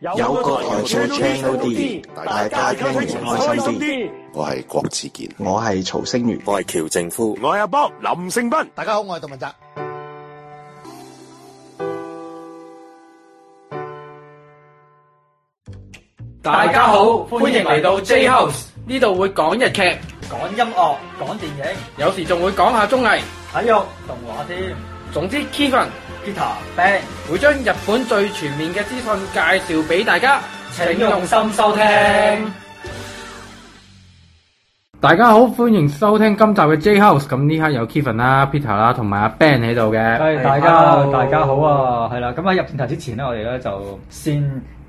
有個台做 channel D，大家聽完開心啲。我係郭子健，我係曹星如，我係喬正夫，我係阿波林勝斌，大家好，我係杜汶澤。大家好，歡迎嚟到 J House，呢度會講日劇、講音樂、講電影，有時仲會講下綜藝、體育、動畫添。總之，Kevin。Peter、Ben 會將日本最全面嘅資訊介紹俾大家，請用心收聽。大家好，歡迎收聽今集嘅 J-HOUSE。咁呢刻有 Kevin 啦、Peter 啦同埋阿 Ben 喺度嘅。係大家，大家好啊。係啦，咁喺入電台之前咧，我哋咧就先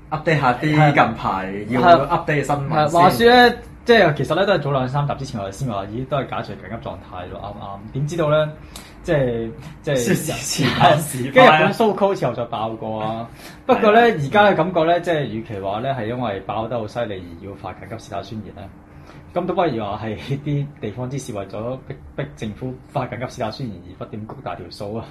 update 下啲近排要 update 嘅新聞先。話說咧，即係其實咧都係早兩三集之前我哋先話，咦都係解除緊急狀態咯，啱啱？點知道咧？即係即係時間、啊、時間，跟日本蘇康時候就爆過啊！ 不過咧，而家嘅感覺咧，即係與其話咧係因為爆得好犀利而要發緊急事態宣言咧、啊，咁都不如話係啲地方之士為咗逼逼政府發緊急事態宣言而不點谷大條數啊！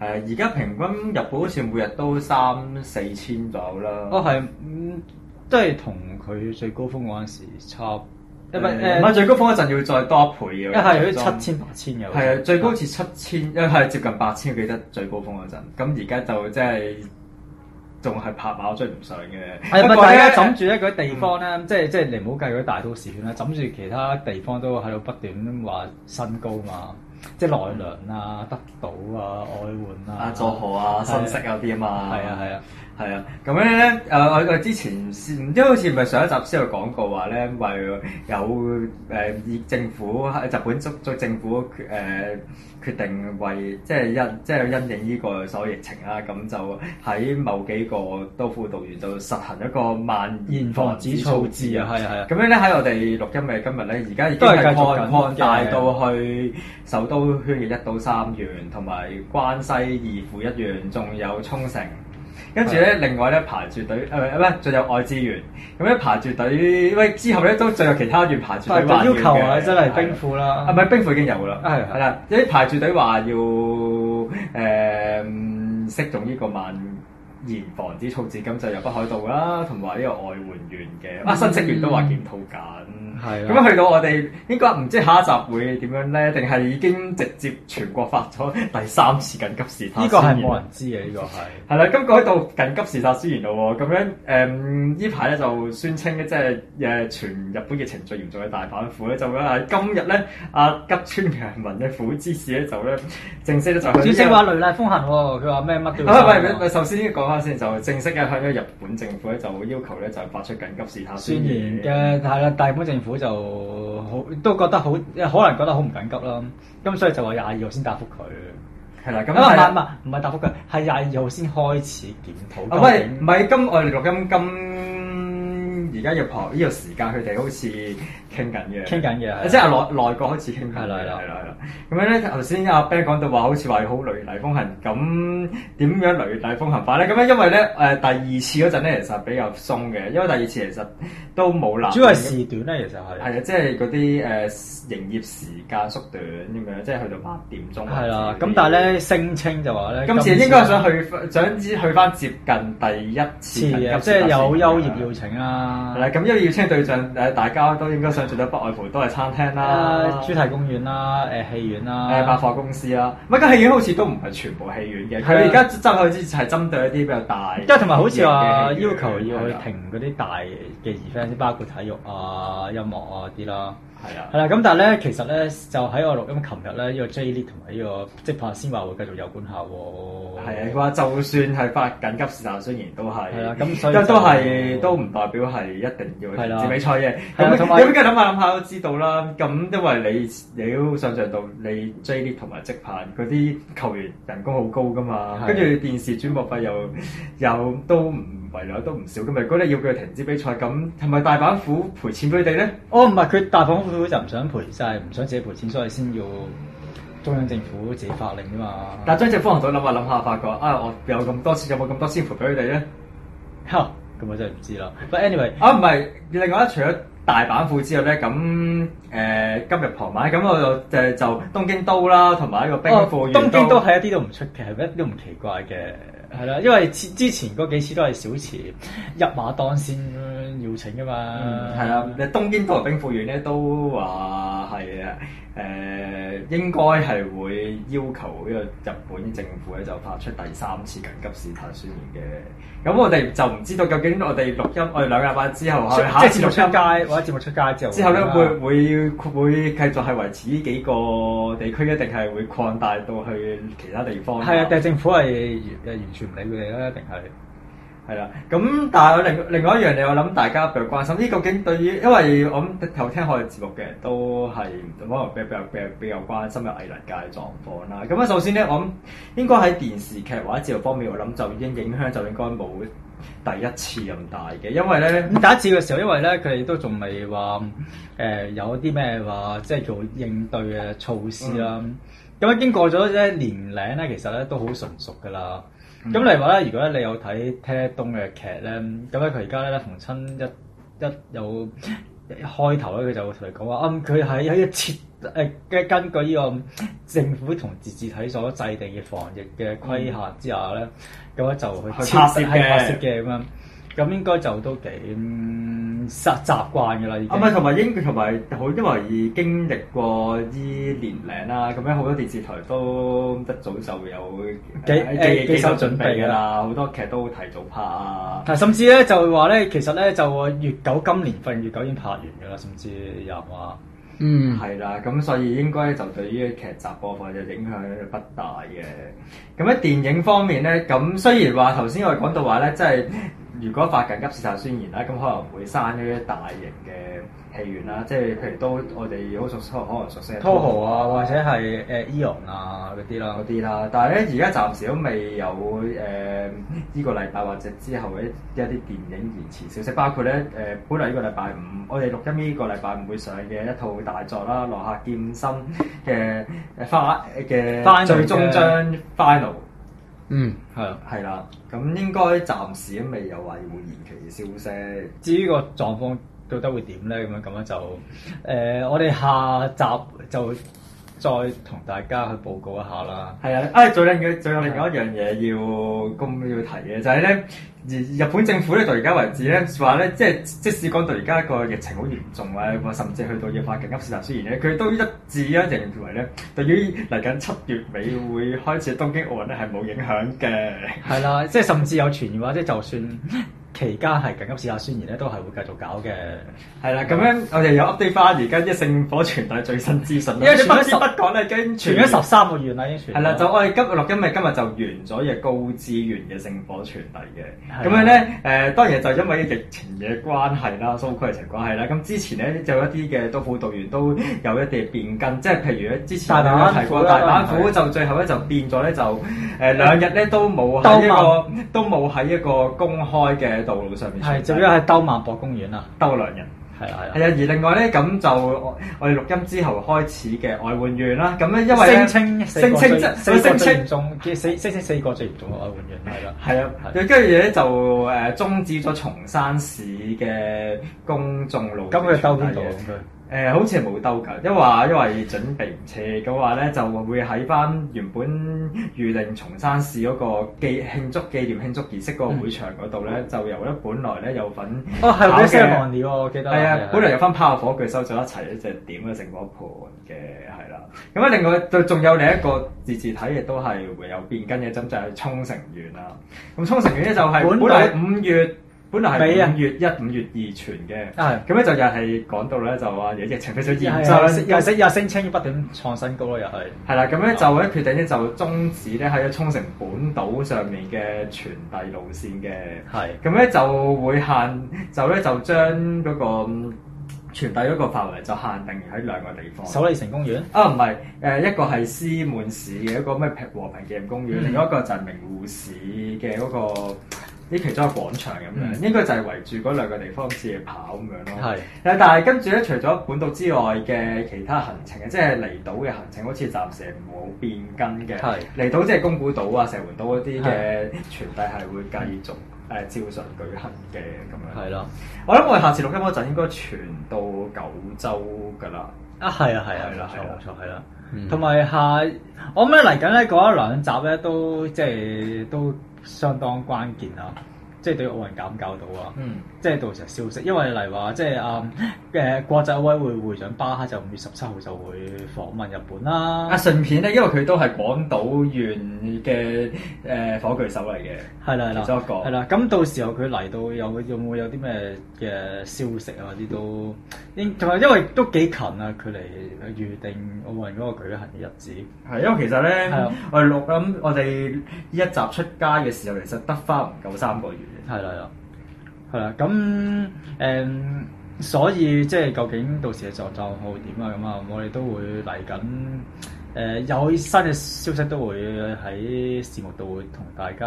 係啊，而家平均日本好似每日都三四千左右啦。哦、啊，係，嗯，都係同佢最高峰嗰陣時差。.唔係誒，唔係、嗯、最高峰嗰陣要再多一倍嘅，一係好似七千八千嘅。係、嗯、啊，嗯、最高似七千，因誒係接近八千，記得最高峰嗰陣。咁而家就即係仲係拍馬追唔上嘅。係、嗯、大家枕、嗯、住一個地方咧，即係即係你唔好計嗰啲大都市圈啦，枕住其他地方都喺度不斷話新高嘛。即係奈良啊、德島啊、愛媛啊、啊、佐賀啊、是新色有啲啊嘛。係啊係啊。係啊，咁樣咧，誒、呃，我喺之前先，因為好似唔係上一集先有講過話咧，為有誒、呃、政府日本足足政府決誒、呃、決定為即係因即係因應呢個所謂疫情啦，咁就喺某幾個都道府縣度實行一個蔓延防止措施啊。係啊係啊，咁樣咧喺我哋錄音嘅今日咧，而家已經係擴大到去首都圈嘅一到三縣同埋關西二府一縣，仲有沖繩。跟住咧，另外咧排住隊，誒唔係，仲有外支援。咁咧排住隊，喂之後咧都仲有其他員排住隊嘅。但要求啊，的真係冰庫啦，啊咪，兵庫已經有啦。係係啦，啲排住隊話要誒適用呢個蔓延防止措置，咁就由北海道啦，同埋呢個外援員嘅，啊、嗯、新職員都話檢討緊。係咁樣去到我哋應該唔知下一集會點樣咧，定係已經直接全國發咗第三次緊急事態宣言呢個係冇人知嘅。呢個係係啦，今個喺度緊急事態宣言度喎，咁、這個、 樣誒呢排咧就宣稱咧，即係誒全日本嘅疫情最嚴重嘅大阪府咧，就咧今日咧，阿、啊、吉村嘅民嘅苦之士咧，就咧正式咧就正式話雷厲風行喎、哦。佢話咩乜？喂喂，首先講翻先，就正式嘅向咗日本政府咧，就要求咧就發出緊急事態宣言嘅係啦，大日本政府。好就好，都覺得好，可能覺得好唔緊急咯。咁所以就話廿二號先答覆佢。係啦，咁唔係唔係唔係答覆佢，係廿二號先開始檢討。唔係，唔係，今我哋錄音今而家入學呢個時間，佢哋好似，傾緊嘅，傾緊嘅，即係內、哦、內閣開始傾緊嘅，係啦了，係啦了，係啦了。咁樣咧，頭先阿 Ben 講到話，好似話好雷厲風行，咁點樣雷厲風行法咧？咁咧，因為咧，誒第二次嗰陣咧，其實比較鬆嘅，因為第二次其實都冇臨主要係時短咧，其實係係啊，即係嗰啲誒營業時間縮短咁樣，即係去到八點鐘，係啦了。咁但係咧，聲稱就話咧，今次應該想去想知去返接近第一次即係、就是、有休業邀請啊。係啦，咁邀約邀請對象誒，大家都應該。最得不外乎都係餐廳啦、主題、啊、公園啦、誒、呃、戲院啦、誒、呃、百貨公司啦。唔係，而戲院好似都唔係全部戲院嘅。係而家針對好似係針對一啲比較大。即係同埋好似話要求要去停嗰啲大嘅 e v e 包括體育啊、音樂啊啲啦。係啊，係啦，咁但係咧，其實咧，就喺我錄音琴日咧，呢個 J League 同埋呢個職棒先話會繼續有觀下喎、哦。係佢話就算係發緊急事態，但係雖然都係，係啦，咁所以都都係都唔代表係一定要止比賽嘅。咁的那有邊個諗下諗下都知道啦。咁因為你都想像到，你 J League 同埋職棒嗰啲球員人工好高㗎嘛，跟住的電視轉播費又 又，又，又，又都。唔。為量都唔少，咁咪嗰啲要佢停止比賽，咁係咪大阪府賠錢俾佢哋咧？哦，唔係，佢大阪府就唔想賠曬，唔想自己賠錢，所以先要中央政府自己發令啫嘛。但係張正芳隊諗下諗下，發覺啊、哎，我有咁多錢，有冇咁多錢賠俾佢哋咧？吓、哦，咁我真係唔知啦、anyway, 哦。不過 anyway，啊唔係，另外除咗大阪府之外咧，咁誒、呃、今日傍晚咁我就誒就,就東京都啦，同埋一個兵庫、哦。裕東京都係一啲都唔出奇，一啲都唔奇怪嘅。係啦，因為之前嗰幾次都係小池一馬當先邀請㗎嘛。係啦、嗯，誒、啊、東京都係兵庫縣咧都話係啊，誒、呃、應該係會要求呢個日本政府咧就發出第三次緊急事態宣言嘅。咁我哋就唔知道究竟我哋錄音我哋兩個禮拜之後下次，即、就、係、是、節目出街或者節目出街之後，之後咧嘛會會會繼續係維持呢幾個地區，一定係會擴大到去其他地方。係啊，但係政府係嘅原。原全唔理佢哋一定係係啦。咁但係另另外一樣嘢，我諗大家比較關心，呢、這個、究竟對於因為我諗頭聽我哋節目嘅人都係比較比較比較比較關心嘅藝能界嘅狀況啦。咁啊，首先咧，我諗應該喺電視劇或者節目方面，我諗就已經影響就應該冇第一次咁大嘅，因為咧咁第一次嘅時候，因為咧佢哋都仲未、呃、話誒有一啲咩話即係做應對嘅措施啦。咁啊、嗯，經過咗咧年齡咧，其實咧都好純熟噶啦。咁、嗯、例如話咧，如果咧你有睇《聽東》嘅劇咧，咁咧佢而家咧逢親一一有一開頭咧，佢就會同你講，話啊，佢喺喺一設誒根根據呢個政府同自治體所制定嘅防疫嘅規限之下咧，咁咧、嗯嗯、就去去拆設嘅。咁應該就都幾實習慣嘅啦，已經、啊。同埋英，同埋好，因為已經，經歷過啲年齡啦。咁樣好多電視台都一早就有幾幾幾手準備啦。好多劇都提早拍啊。嗯、甚至咧就話咧，其實咧就話越久今年份越久已經拍完嘅啦，甚至又話嗯係啦。咁所以應該就對於劇集播放嘅影響不大嘅。咁喺電影方面咧，咁雖然話頭先我講到話咧，即係。如果發緊急事態宣言啦，咁可能會閂咗嗰啲大型嘅戲院啦，即係譬如都我哋好熟悉，可能熟悉 Taco 啊，或者係誒 Eon 啊嗰啲啦，啲啦。但係咧，而家暫時都未有誒呢、呃呢個禮拜或者之後嘅一啲電影延遲消息。包括咧誒、呃，本嚟呢個禮拜五，我哋錄音呢個禮拜五會上嘅一套大作啦，落下身《浪客劍心》嘅花嘅最終章 Final。嗯，係啦，係啦，咁應該暫時都未有話要延期嘅消息。至於個狀況到底會點咧？咁樣咁樣就，誒、呃，我哋下集就。再同大家去報告一下啦。係啊，哎、啊，最另嘅，最有另外一樣嘢要咁要提嘅，就係、是、咧，而日本政府咧，到而家為止咧，話咧，即係即使講到而家個疫情好嚴重啊，甚至去到要發緊急事態宣言，雖然咧，佢都一致咧、啊、認為咧，對於嚟緊七月尾會開始東京奧運咧係冇影響嘅。係啦、 啊，即係甚至有傳言話，即係就算， 期間係緊急事態宣言咧，都係會繼續搞嘅。係啦，咁樣我哋又 update 翻而家啲聖火傳遞最新資訊啦。 因為你不知不覺咧，已經傳咗十三個月啦，已經傳。係啦，就我哋今日落今日今日就完咗嘅高資源嘅聖火傳遞嘅。咁的樣咧，誒、呃、當然就因為疫情嘅關係啦，蘇區疫情關係啦。咁之前咧就一啲嘅都道府縣，都有一啲變更。即係譬如之前大家提過、啊、大阪府，的就最後咧就變咗咧，就誒、呃、兩日咧都冇喺一個都冇問喺一,一個公開嘅。道路上面，係，就因為喺兜萬博公園啊，兜良人，係啊係啊，而另外咧咁就我哋錄音之後開始嘅愛媛縣啦，咁咧因為聲稱，聲稱即係聲稱，四四,四四個最嚴重嘅愛媛縣，係啦，係啊，跟住咧就誒中止咗松山市嘅公眾路。咁佢兜邊度？嗯誒、呃，好似係冇兜緊，因為因為準備唔切嘅話咧，就會喺翻原本預定松山市嗰個紀慶祝紀念慶祝儀式嗰個會場嗰度咧，就由咧本來咧有份哦，係啲燒鵪我喎，記得係啊，本來有翻炮火炬收咗一齊咧，就點嘅聖火盤嘅係啦。咁啊，另外就仲有另一個自治體亦都係會有變更嘅，就係、是、沖繩縣啦。咁沖繩縣咧就係本來五月。本來係五月一、五月二傳嘅，咁咧就又係講到咧就話疫情非常嚴峻啦，又升又升，稱不斷創新高咯，又係。係啦的，咁咧的就咧決定咧就終止咧喺沖繩本島上面嘅傳遞路線嘅，咁咧的就會限就咧就將嗰個傳遞嗰個範圍就限定喺兩個地方。首里城公園？啊、哦，唔係，誒一個係司滿市嘅一、那個咩和平紀念公園，嗯、另外一個就名護市嘅嗰、那個。啲其中一個廣場咁樣，應該就係圍住嗰兩個地方好似係跑咁樣咯。係的，但係跟住咧，除咗本島之外嘅其他行程啊，即係離島嘅行程，好似暫時係冇變更嘅。係的，離島即係宮古島啊、石垣島嗰啲嘅傳遞係會繼續誒照常舉行嘅咁樣。係咯的，我諗我哋下次錄音嗰陣應該傳到九州㗎啦。啊，係啊，係啊，係啦，冇的的錯，冇錯，係啦、嗯。同埋下，我諗咧嚟緊咧嗰一兩集咧都即係都。相當關鍵啊。即係對於奧運感教到啊！嗯、即係到時候消息，因為例如話，即係啊誒國際奧委會會長巴克就五月十七號就會訪問日本啦。阿、啊、順便咧，因為佢都係廣島縣嘅誒火炬手嚟嘅，係啦係啦，做一個係啦。咁到時候佢嚟到有有，有有冇有啲咩嘅消息啊？啲都應同埋因為都幾近啊，距離預定奧運嗰個舉行嘅日子。係因為其實咧的，我哋錄咁，我哋呢一集出街嘅時候，其實得翻唔夠三個月。係啦，係啦，咁誒、嗯，所以即係究竟到時嘅狀況會點啊？咁啊，我哋都會嚟緊，誒、呃、有新嘅消息都會喺節目度會同大家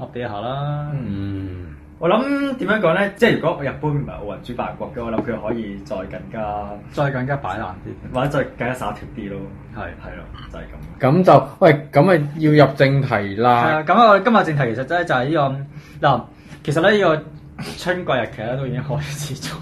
update 一下啦。嗯，嗯我諗點樣講咧？即係如果日本唔係奧運主辦國嘅，我諗佢可以再更加，再更加擺爛啲，或者再更加灑脱啲咯。係係咯，就係、是、咁。咁就喂，咁啊要入正題啦。係啊，咁啊，我哋今日正題其實真係就係呢、這個嗱。其實咧呢、這個春季日劇咧都已經開始咗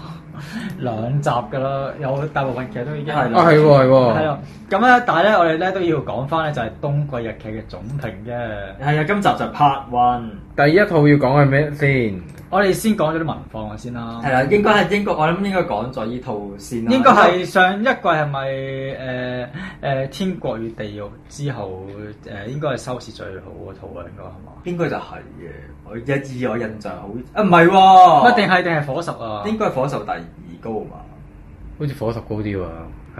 兩 集噶啦，有大部分劇都已經係啊。係喎係喎，係咯。咁咧 但係咧我哋咧都要講翻咧就係冬季日劇嘅總評啫。係啊，今集就 Part 1。第一套要講係咩先？我哋先講咗啲文況先啦。係啦，應該係英國，我諗應該講咗依套先啦，應該係上一季係咪？誒、呃、誒、呃，天國與地獄之後誒、呃，應該係收視最好嗰套啊，應該係嘛？應該就係嘅，一二我印象好，啊唔係，定係定係火石啊？啊啊啊應該係火石第二高，高啊嘛？好似火石高啲喎。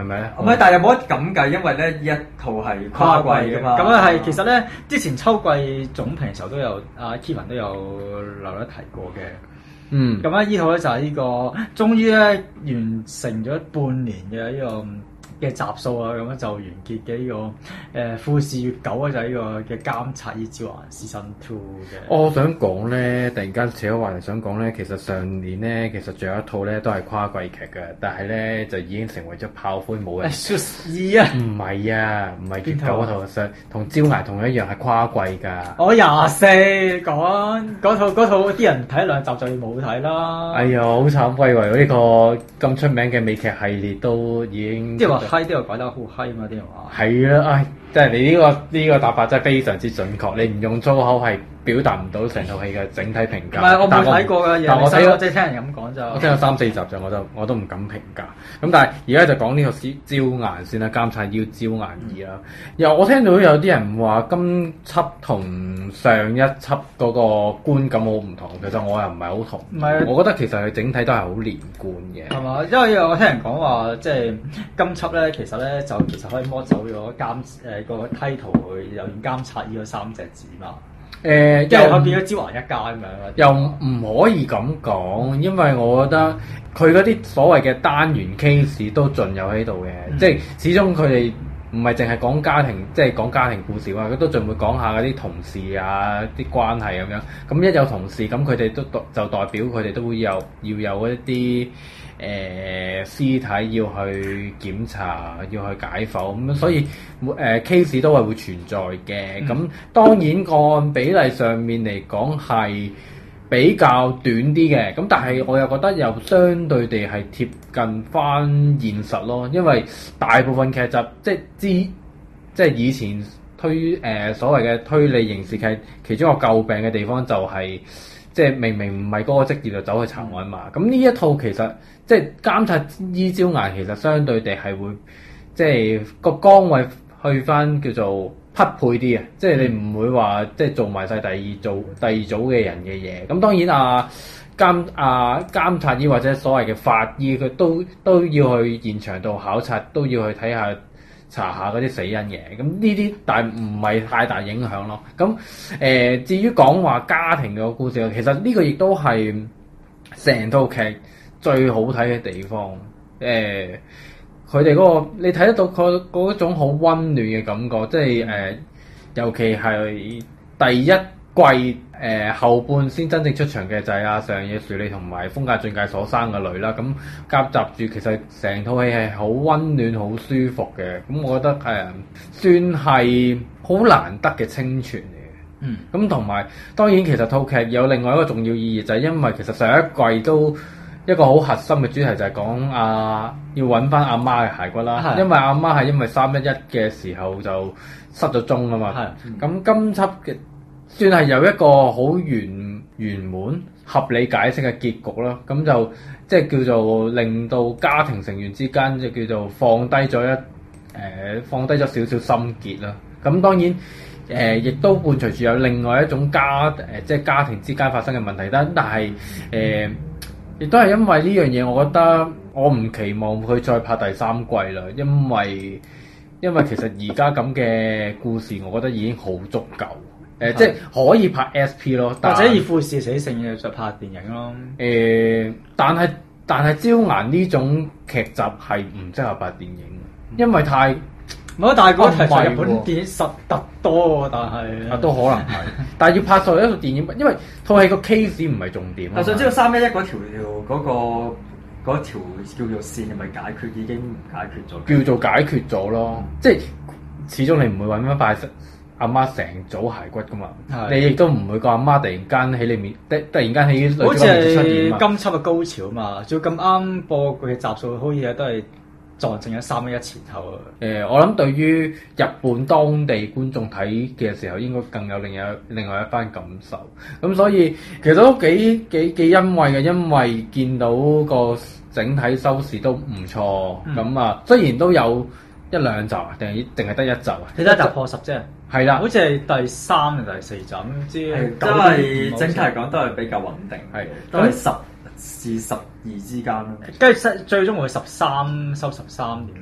係咪咧？唔係，嗯、但係有冇得咁計？因為咧，依一套係跨季噶嘛。咁啊，係是，嗯、其實咧，之前秋季總評嘅時候都有阿、啊、Kevin 都有留意提過嘅。嗯。咁啊，依套咧就係呢、這個，終於咧完成咗半年嘅依、這個。嘅集數啊，咁樣就完結嘅呢、這個誒、呃《富士月九》啊，就係呢個嘅監察醫朝顏 Season Two 嘅。我想講咧，突然間扯咗話嚟，想講咧，其實上年咧，其實仲有一套咧，都係跨季劇嘅，但係咧就已經成為咗炮灰，冇人。説死、哎、啊！唔係啊，唔係邊套啊？套實同《朝顏》同一樣係跨季㗎。我廿四講嗰套嗰套啲人睇一兩集就要冇睇啦。哎呀，好慘㗎、啊、喎！呢、這個咁出名嘅美劇系列都已經。即麼閪啲又改得好閪嘛啲話：「係啊，唉，真係你呢個呢個答法真係非常之準確，你唔用粗口係。表達唔到成套戲嘅整體評價。唔係，我冇睇過㗎嘢，我即係聽人咁講就。我聽咗三四集就，我就我都唔敢評價。咁但係而家就講呢個《朝顏》先啦，《監察醫朝顏二》啦。又我聽到有啲人話今輯同上一輯嗰個觀感好唔同，其實我又唔係好同。唔係。我覺得其實佢整體都係好連貫嘅。係嘛？因為我聽人講話，即係今輯咧，其實咧就其實可以摸走咗監誒個梯圖去，有件監察呢個三隻字嘛。誒，因為佢變咗朝顏一家咁樣，又唔可以咁講，嗯、因為我覺得佢嗰啲所謂嘅單元 case 都盡有喺度嘅，嗯、即係始終佢哋唔係淨係講家庭，即係講家庭故事啊，佢都盡會講下嗰啲同事啊、啲關係咁樣。咁一有同事，咁佢哋都代就代表佢哋都會有要有一啲。誒、呃、屍體要去檢查，要去解剖咁、嗯，所以每 case、呃、都係會存在嘅。咁當然個案比例上面嚟講係比較短啲嘅。咁但係我又覺得又相對地係貼近翻現實咯，因為大部分劇集即係之即係以前推誒、呃、所謂嘅推理刑事劇，其中個詬病嘅地方就係、是。即係明明唔係嗰個職業就走去查案嘛，咁呢一套其實即係監察醫朝顏，其實相對地係會即係個崗位去翻叫做匹配啲嘅，即係你唔會話即係做埋晒第，第二組第二組嘅人嘅嘢。咁當然啊監啊監察醫或者所謂嘅法醫，佢都都要去現場度考察，都要去睇下。查下嗰啲死因嘅，咁呢啲但係唔係太大影響咯。咁誒、呃，至於講話家庭嘅故事，其實呢個亦都係成套劇最好睇嘅地方。誒、呃，佢哋嗰個你睇得到佢嗰種好温暖嘅感覺，即係誒、呃，尤其係第一季誒、呃、後半先真正出場嘅就係阿、啊、上野樹里同埋風間俊介所生嘅女啦，咁、嗯、夾雜住其實成套戲係好温暖、好舒服嘅，咁、嗯、我覺得誒、呃、算係好難得嘅清泉嚟嘅。嗯，咁同埋當然其實套劇有另外一個重要意義，就係因為其實上一季都一個好核心嘅主題，就係講阿、啊、要揾翻阿媽嘅骸骨啦，的因為阿媽係因為三一一嘅時候就失咗蹤啊嘛。係，咁、嗯、今輯嘅。算係有一個好圓圓滿、合理解釋嘅結局啦，咁就即係叫做令到家庭成員之間就叫做放低咗一誒、呃、放低咗少少心結啦。咁當然誒、呃、亦都伴隨住有另外一種家誒即係家庭之間發生嘅問題，但但係誒亦都係因為呢樣嘢，我覺得我唔期望佢再拍第三季啦，因為因為其實而家咁嘅故事，我覺得已經好足夠。誒、呃、即係可以拍 SP 咯，或者以富士死性嘅就拍電影咯。誒、呃，但係但係朝顏呢種劇集係唔適合拍電影，因為太冇啊大哥，唔係日本電影實得多，但係啊都可能係，但係要拍套一個電影，因為套戲個 case 唔係重點。我想知道三一一嗰條、嗰個、條嗰叫做線係咪解決已經解決咗？叫做解決咗咯，即係始終你唔會揾乜快阿媽成組骸骨噶嘛，的你亦都唔會個阿媽，媽突然間喺你面，的突然間喺女主角面出現啊嘛！今集嘅高潮啊嘛，仲要咁啱播佢嘅集數，好似都係撞正咗三一一前後啊！誒、呃，我諗對於日本當地觀眾睇嘅時候，應該更有另有另外一番感受。咁所以其實都幾幾幾欣慰嘅，因為見到個整體收視都唔錯。咁、嗯、啊，雖然都有一兩集啊，定係定係得一集啊，得一集破十啫。係啦，好似係第三定第四集唔知，因為整體嚟講都係比較穩定，係都係十至十二之間。跟住最最終會十三收十三點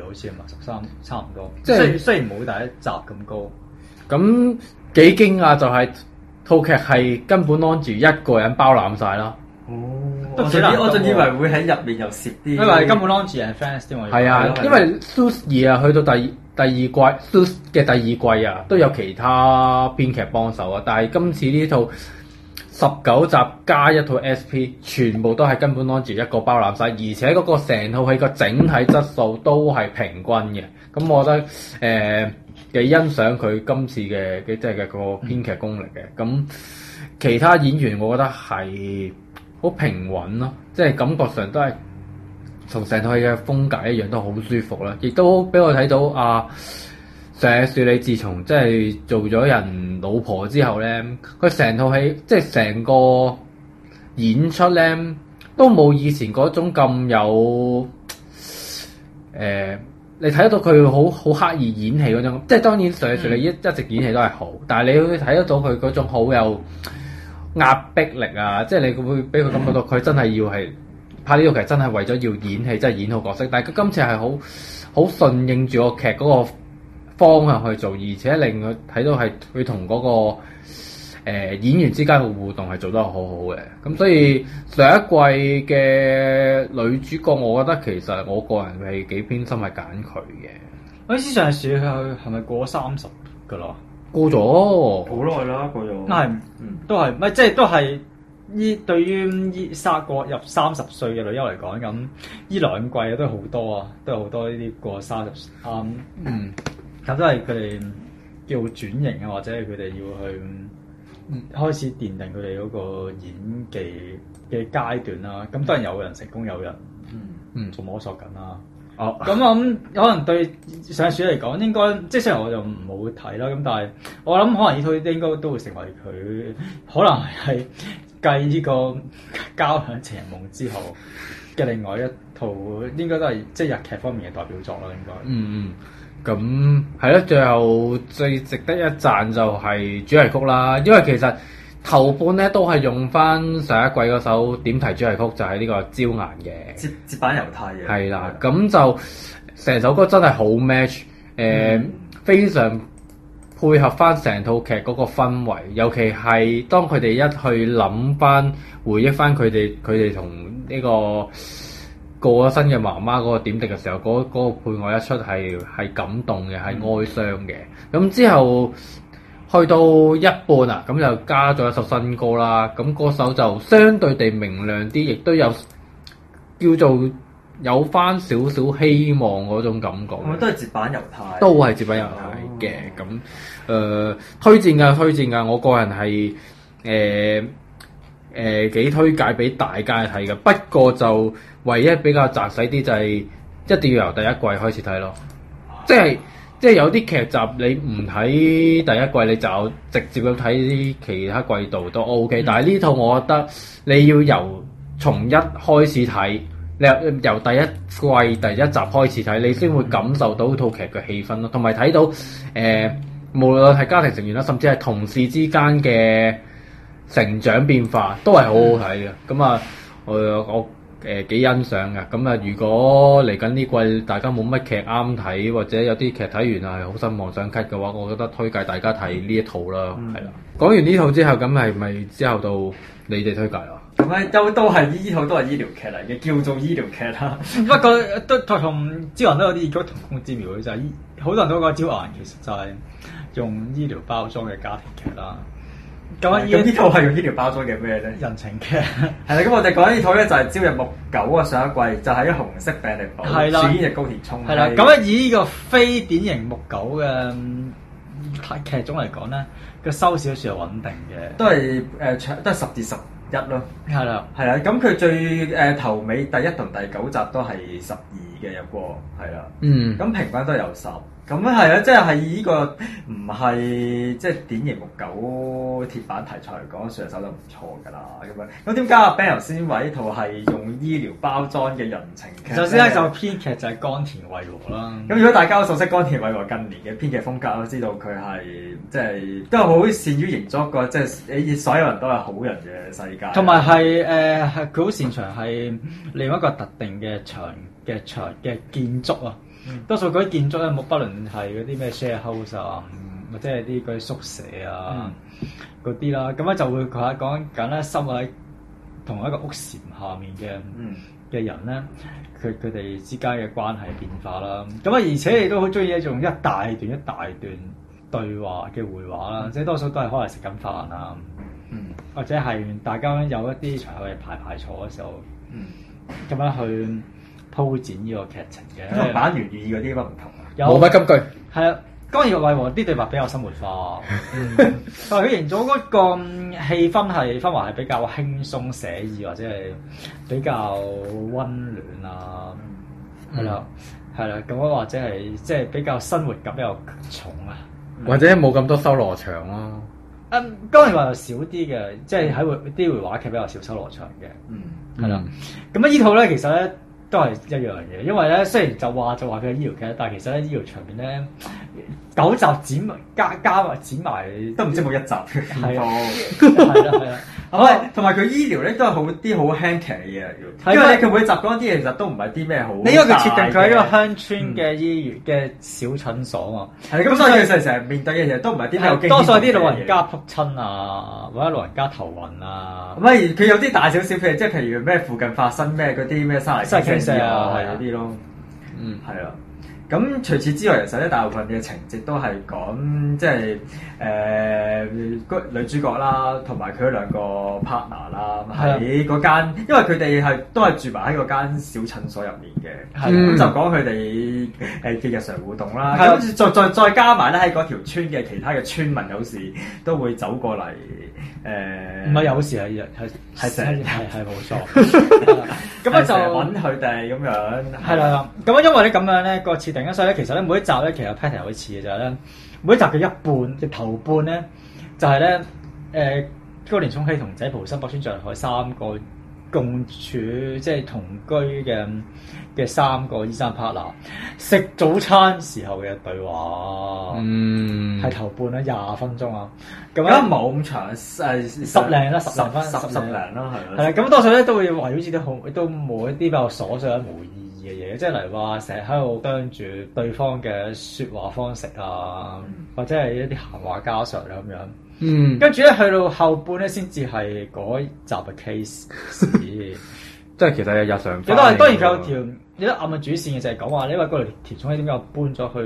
二，好似係嘛？十三，差唔多，即係雖然冇第一集咁高。咁幾驚啊！就係套劇係根本安住一個人包攬晒啦。哦，我仲以為會喺入面又蝕啲。因為根本安住人。fans 添喎。係啊，因為 Susi 啊，去到第。第二季都嘅第二季啊，都有其他編劇幫手啊，但係今次呢套十九集加一套 S.P. 全部都係根本安住一個包攬晒，而且嗰個成套戲嘅整體質素都係平均嘅。咁我覺得誒幾、呃、欣賞佢今次嘅嘅即係嘅個編劇功力嘅。咁其他演員我覺得係好平穩咯、啊，即係感覺上都係。同成套戲嘅風格一樣，都好舒服啦。亦都俾我睇到啊！上野樹里自從即係做咗人老婆之後咧，佢成套戲即係成個演出咧，都冇以前嗰種咁有誒、呃。你睇得到佢好好刻意演戲嗰種，即係當然上野樹里一一直演戲都係好，嗯、但係你會睇得到佢嗰種好有壓迫力啊！即係你會俾佢感覺到佢真係要係。拍呢套劇真係為咗要演戲，真係演好角色。但係佢今次係好好順應住個劇嗰個方向去做，而且令佢睇到係佢同嗰個、呃、演員之間嘅互動係做得好好嘅。咁所以上一季嘅女主角，我覺得其實我個人係幾偏心，係揀佢嘅。我意思上次佢係咪過咗三十㗎啦？過咗好耐啦，過咗係嗯都係咪即係都係。依對於依卅個入三十歲嘅女優嚟講，咁依兩季啊都好多啊，都好多呢啲過三十啊，嗯，咁都係佢哋叫轉型啊，或者係佢哋要去開始奠定佢哋嗰個演技嘅階段啦。咁當然有人成功，有人嗯嗯仲摸索緊啦。啊、哦，咁我諗可能對上選嚟講，應該即係雖然我就唔好睇啦，咁但係我諗可能呢套應該都會成為佢，可能係。繼呢個交響情人夢之後嘅另外一套，應該都係即係日劇方面嘅代表作咯。應該嗯嗯，咁係咯，最後最值得一讚就係主題曲啦，因為其實頭半咧都係用翻上一季嗰首點題主題曲就，就係呢個《朝顏》嘅接接版猶太嘅係啦，咁的就成首歌真係好 match 誒、嗯呃，非常。配合翻成套劇嗰個氛圍，尤其係當佢哋一去諗翻回，回憶回，翻佢哋佢哋同呢個過咗身嘅媽媽嗰個點滴嘅時候，嗰、嗰個嗰個配樂一出係係感動嘅，係哀傷嘅。咁、嗯、之後去到一半啊，咁就加咗一首新歌啦。咁嗰首就相對地明亮啲，亦都有叫做，有翻少少希望嗰種感覺，都係接板猶太，都係接板猶太嘅咁。誒、哦呃，推薦嘅，推薦嘅。我個人係誒誒幾推介俾大家睇嘅。不過就唯一比較窄細啲就係一定要由第一季開始睇咯、哦。即係即係有啲劇集你唔睇第一季你就直接去睇其他季度都 O、OK, K、嗯。但係呢套我覺得你要由從，從一開始睇。你由第一季第一集開始睇，你先會感受到套劇嘅氣氛咯，同埋睇到誒、呃，無論係家庭成員啦，甚至係同事之間嘅成長變化，都係好好睇嘅。咁啊，我我誒幾、呃、欣賞㗎。咁啊，如果嚟緊呢季大家冇乜劇啱睇，或者有啲劇睇完係好失望想 cut 嘅話，我覺得推介大家睇呢一套啦，係啦、嗯。講完呢套之後，咁係咪之後到你哋推介咯？都都係呢套都係醫療劇嚟嘅，叫做醫療劇啦。不過都同《朝顏》都有啲同工之妙就係，好多人都講《朝顏》其實就係用醫療包裝嘅家庭劇啦。咁呢套係用醫療包裝嘅咩咧？人情劇。係啦，咁我哋講呢套咧就係《朝日木九》啊，上一季就係啲虹色病歷簿，主演係高畑充希。係啦，咁啊以呢個非典型木九嘅劇種嚟講咧，個收視率係穩定嘅，都係誒，都係十至十一咯，係啦的，係啦，咁佢最誒、呃、頭尾第一同第九集都係十二嘅有過，係啦，嗯，咁平均都有十。咁啊係啊，即係係呢個唔係即係典型木狗鐵板題材嚟講，上手就唔錯㗎啦。咁樣咁點解阿 Ben 頭先話呢套係用醫療包裝嘅人情劇？首先咧就編劇就係岡田惠和啦。咁、嗯、如果大家都熟悉岡田惠和近年嘅編劇風格都知道佢係即係都係好擅於營造一個即係你所有人都係好人嘅世界。同埋係誒，係佢好擅長係另一個特定嘅場嘅場嘅建築啊。多數嗰啲建築咧，冇不論係嗰啲咩 share house 啊、嗯，或者係啲嗰啲宿舍啊嗰啲啦，咁咧、嗯、就會講講緊咧，心、就係、生活喺同一個屋檐下面嘅嘅、嗯、人咧，佢佢哋之間嘅關係變化啦。咁啊、嗯，而且亦都好中意咧，用一大段一大段對話嘅繪畫啦，嗯、即係多數都係可能食緊飯啊，嗯、或者係大家有一啲場合排排坐嘅時候，咁、嗯、樣去，鋪展呢個劇情嘅，嗯嗯、版員寓意嗰啲有乜唔同，有冇乜金句，係啊！岡田惠和啲對白比較生活化，佢營造咗嗰個氣氛係氛圍係比較輕鬆寫意，或者係比較溫暖啊，係啦，係啦。咁啊，或者係即係比較生活感又重啊，或者冇咁多修羅場咯、啊。嗯，岡田惠和又少啲嘅，即係喺會呢回話劇比較少修羅場嘅。嗯，係啦、嗯。咁啊，依套咧其實咧。都係一樣嘢，因為咧雖然就話就話佢係醫療劇，但係其實咧醫療場面咧九集剪加加埋，剪埋都唔知冇一集嘅。係咯係啦，係咪？同埋佢醫療咧都係好啲好輕劇嘅嘢，因為咧佢每集講啲嘢其實都唔係啲咩好。你因為佢設定佢喺一個鄉村嘅醫院嘅小診所啊，咁所以佢成日面對嘅嘢都唔係啲咩，多數啲老人家仆親啊，或者老人家頭暈啊，唔佢有啲大少少。譬如，即係譬如咩附近發生咩嗰啲咩生塵。係啊，係嗰啲咯，嗯，係 啦。咁、嗯、 除此之外，其實咧大部分嘅情節都係講，即係誒、呃、女主角啦，同埋佢兩個 partner 啦，喺嗰是、啊、間，因為佢哋係都係住埋喺嗰間小診所入面嘅，咁就講佢哋誒嘅日常互動啦。咁是、啊、再再再加埋咧，喺嗰條村嘅其他嘅村民，有時都會走過嚟。.誒唔係有時係日係係係冇錯，咁樣、 啊、就揾佢哋咁樣。係啦，咁樣因為咧咁樣咧、個設定咧，所以咧其實咧每一集咧其實 pattern 好似嘅就係咧，每一集嘅、就係、一,一半嘅頭半咧就係咧誒，高連沖希同仔蒲森、博宣、象海三個。共處即係同居嘅嘅三個醫生 partner 食早餐時候嘅對話，嗯，係頭半啦，廿分鐘啊，咁樣冇咁長，誒十零啦，十十分十十零啦，係咯，咁多、嗯、多數咧都會圍繞住啲好都冇一啲比較瑣碎嘅無意義嘅嘢，即係例如話成日喺度跟住對方嘅説話方式啊，或者係一啲閒話家常咁樣。嗯，跟住咧去到後半咧，先至係嗰集嘅 case。咦，即係其實日常，當然當然有條，你暗嘅主線嘅就係講話， 因為嗰條田中點解我搬咗去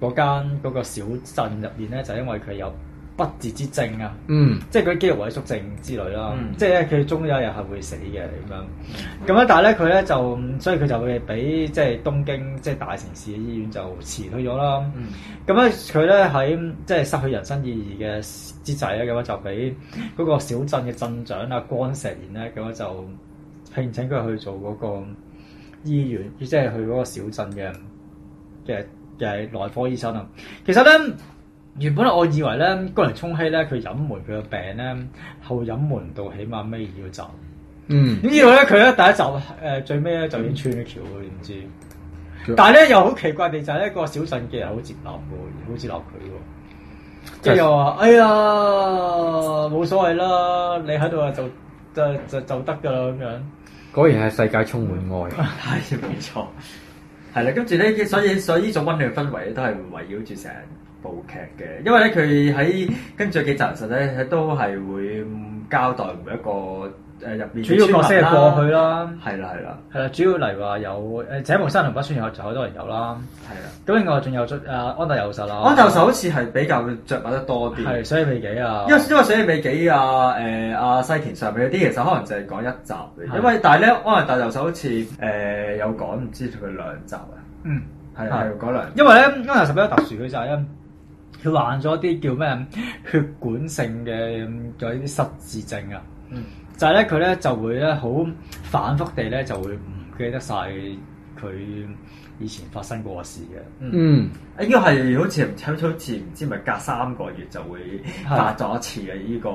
嗰間嗰個小鎮入面咧，就係、因為佢有。不治之症啊，嗯，即係嗰啲肌肉萎縮症之類啦，嗯、即係咧佢終有一日係會死嘅咁、嗯、樣，咁啊但係咧佢咧就，所以佢就會俾即係東京即係、就是、大城市嘅醫院就辭退咗啦，咁咧佢咧喺即係失去人生意義嘅之際咧，咁啊就俾嗰個小鎮嘅鎮長啊光石研咧，咁啊就聘請佢去做嗰個醫院，即係去嗰個小鎮嘅嘅嘅內科醫生啊，其實咧。原本我以為咧，高林沖希咧，佢隱瞞佢個病咧，後隱瞞到起碼尾要走。嗯，點知咧，佢咧第一集誒、呃、最尾咧就已經穿咗橋，你唔知。嗯、但係咧又好奇怪地，就係一個小鎮嘅人好接納嘅，好接納佢喎。即係又話：實哎呀，冇所謂啦，你喺度就就就就，就得㗎啦咁樣。果然係世界充滿愛，係冇錯。係啦，跟住咧，所以所以依種溫暖氛圍都係圍繞住成部劇嘅，因為咧佢喺跟住幾集實咧，都係會交代每一個誒入面主要角色嘅過去，係啦。係啦，係啦，係啦。主要嚟如話有誒井木三郎、者山北川，然後仲有好多人有是啦。係啦。咁另外仲有咗阿安大右手啦。安大右手好似係比較着墨得多啲，係。所以未幾啊，為啊。因為因為所以未幾啊誒阿西田上面嗰啲其實可能就係講一集，嘅，因為但係咧安大右手好似誒有講唔知佢兩集啊。嗯，係係講兩。因為咧安大右手比較特殊嘅原因。佢患咗啲叫咩？血管性嘅嗰啲失智症啊，嗯、就係咧佢咧就會咧好反覆地咧就會唔記得晒佢以前發生過嘅事嘅。嗯，嗯，應該係好似好早前唔知咪隔三個月就會發咗一次嘅呢是 個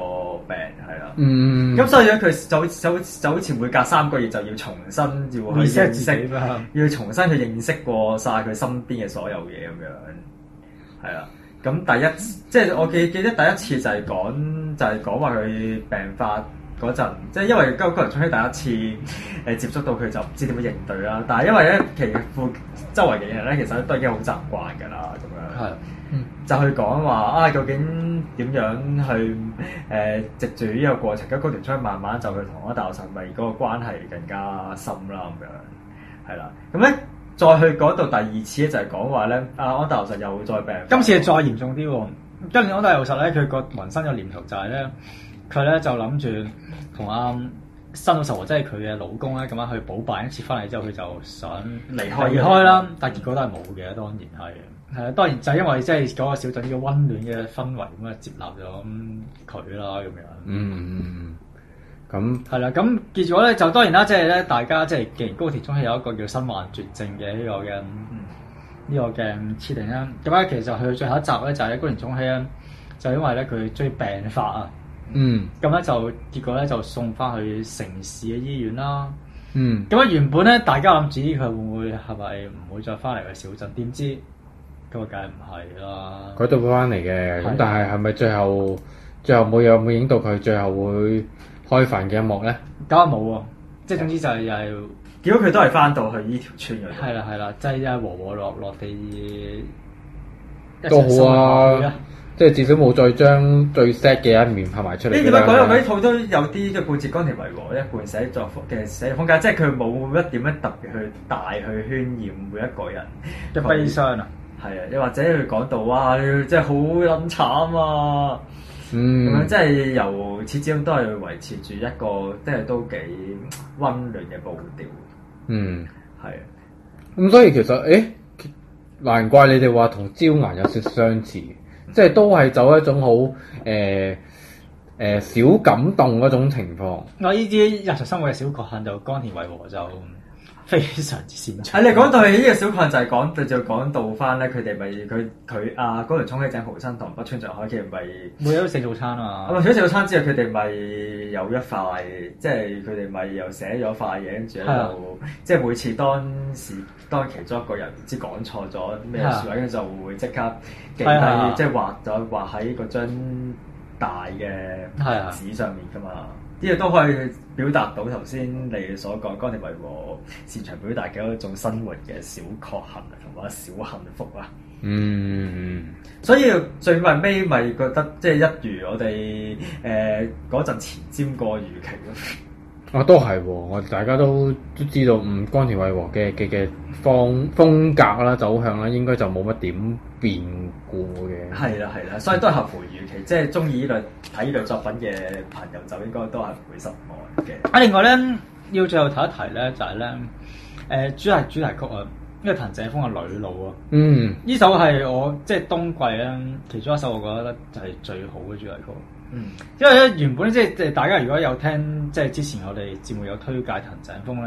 病係啦。嗯，咁所以咧佢早早早前會隔三個月就要重新要去認識，認識要重新去認識過晒佢身邊嘅所有嘢咁樣，係啦。咁第一次，即係我記記得第一次就係講就係講話佢病發嗰陣，即係因為高高田喺第一次誒、呃、接觸到佢就唔知點樣應對啦。但係因為咧其實附周圍嘅人咧，其實都已經好習慣㗎啦，咁樣。係。嗯、就去講話啊，究竟點樣去誒藉住呢個過程？跟高田昌慢慢就去同嗰大學生咪嗰個關係更加深啦，咁樣係啦。咁咧。再去嗰度第二次咧就係、是、講話咧，阿安大牛實又會再病，今次再嚴重啲。跟住安大牛實咧，佢個紋身嘅念頭就係咧，佢咧就諗住同啱新老實婆即係佢嘅老公咧咁樣去補辦一次，翻嚟之後佢就想離開啦。離開，但結果都係冇嘅，當然係。係當然就係因為即係嗰個小鎮嘅溫暖嘅氛圍咁樣接納咗佢、嗯、啦，咁樣。嗯嗯。嗯嗯。咁係啦，咁、嗯、結果咧就當然啦，即係咧大家即係，既然高畑充希有一個叫身患絕症嘅呢、呢個嘅呢、呢個嘅設定啦，咁、嗯、咧、嗯嗯、其實去到最後一集咧就係、是、高畑充希咧，就因為咧佢中意病發啊，嗯，咁咧就結果咧就送翻去城市嘅醫院啦，嗯，咁啊原本咧大家諗住佢會唔會係咪唔會再翻嚟個小鎮？點知咁啊？梗係唔係啦？佢都會翻嚟嘅，咁的但係係咪最後最後冇有冇影到佢最後會開飯嘅一幕咧，咁啊冇喎，即係總之就係又係，如果佢都係翻到去呢條村嘅，係啦係啦，即係一和和樂樂地，都好啊，吧即係至少冇再將最 sad 嘅一面拍埋出嚟。你點解講咧？呢套都有啲嘅半截岡田惠和一半寫作嘅寫風格，即係佢冇一點樣特別去大去渲染每一個人嘅悲傷啊，係 啊，又或者佢講到啊，即係好撚慘啊！嗯，咁樣即係由始至終都係維持住一個，即係都幾溫暖嘅步調。嗯 ab ador，係啊。咁所以其實，誒，難怪你哋話同《朝顏》有少相似，即係都係走一種好誒誒小感動嗰種情況。我呢啲日常生活嘅小確幸就《岡田惠和》就。 非常之擅長。啊，你講到呢個小群就係講，就講到翻咧，佢哋咪佢佢啊，高粱沖喜井、豪生同北村匠海嘅咪，每日食早餐啊。啊，除咗食早餐之後，佢哋咪有一塊，即係佢哋咪又寫咗塊嘢，跟住喺度。即係每次當時當其中一個人唔知講錯咗咩說話，跟住、啊、就會即刻記低，即係、啊、畫咗畫喺嗰張大嘅紙上面㗎嘛。啲嘢都可以表達到頭先你所講，岡田惠和擅長表達嘅一種生活嘅小確幸同埋小幸福啦。嗯，所以最尾尾咪覺得即係、就是、一如我哋誒嗰陣前瞻過預期咯。 我、啊、都係喎、哦，我大家都都知道，嗯，岡田惠和嘅嘅嘅方風格啦、走向啦，應該就冇乜點變過嘅。係啦，係啦，所以都係合乎預期。嗯、即係中意呢類睇呢類作品嘅朋友，就應該都係唔會失望嘅。啊，另外咧，要最後提一提咧，就係、是、咧，誒、呃、主題主題曲啊，因為藤井風嘅《旅路》啊，嗯，呢首係我即係冬季咧、啊、其中一首，我覺得就係最好嘅主題曲。嗯，因為咧，原本即係大家如果有聽，即係之前我哋節目有推介藤井峰咧，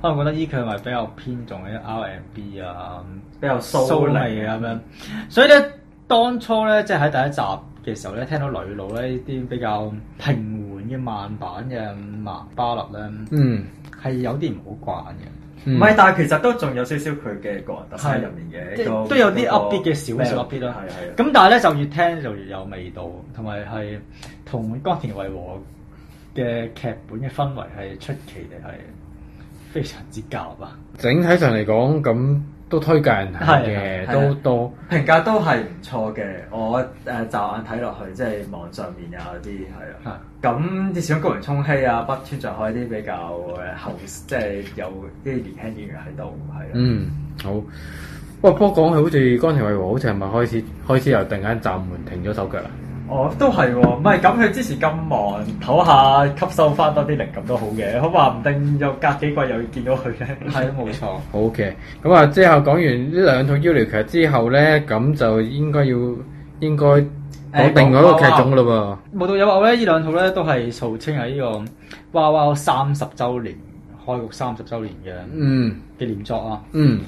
可能覺得依佢係比較偏重嘅 R&B 啊，比較騷味啊咁樣，啊、所以咧當初咧，即係喺第一集嘅時候咧，聽到女老咧啲比較平緩嘅慢版嘅慢巴樂咧，嗯，係有啲唔好慣嘅。唔係，嗯、但係其實都仲有少少佢嘅個人特色入面嘅的個，都有啲 upbeat 嘅小 upbeat 係啊，咁但係咧就越聽就越有味道，同埋係同岡田惠和嘅劇本嘅氛圍係出奇地係非常之夾啊！整體上嚟講咁。都推介人嘅都的多，評價都係唔錯嘅。我誒驟、呃、眼睇落去，即係網上面有啲係啊。咁啲像高畑充希啊、北村匠海啲比較誒後，即係有啲年輕演員喺度係啊。嗯，好。哇，不過講起好似岡田惠和，好似係咪開始開始由突然間暫緩停咗手腳啦？嗯哦，都係喎、哦，唔係咁佢之前咁忙，唞下吸收翻多啲靈感都好嘅。可話唔定又隔幾季又要見到佢咧。係啊， 冇錯。好嘅，咁啊，之後講完呢兩套醫療劇之後咧，咁就應該要應該講定嗰個劇種咯喎。冇到有話咧，呢兩套咧都係締清喺呢個《WOWOW 三十週年開局三十週年嘅嗯嘅連作啊。嗯。咁、嗯嗯嗯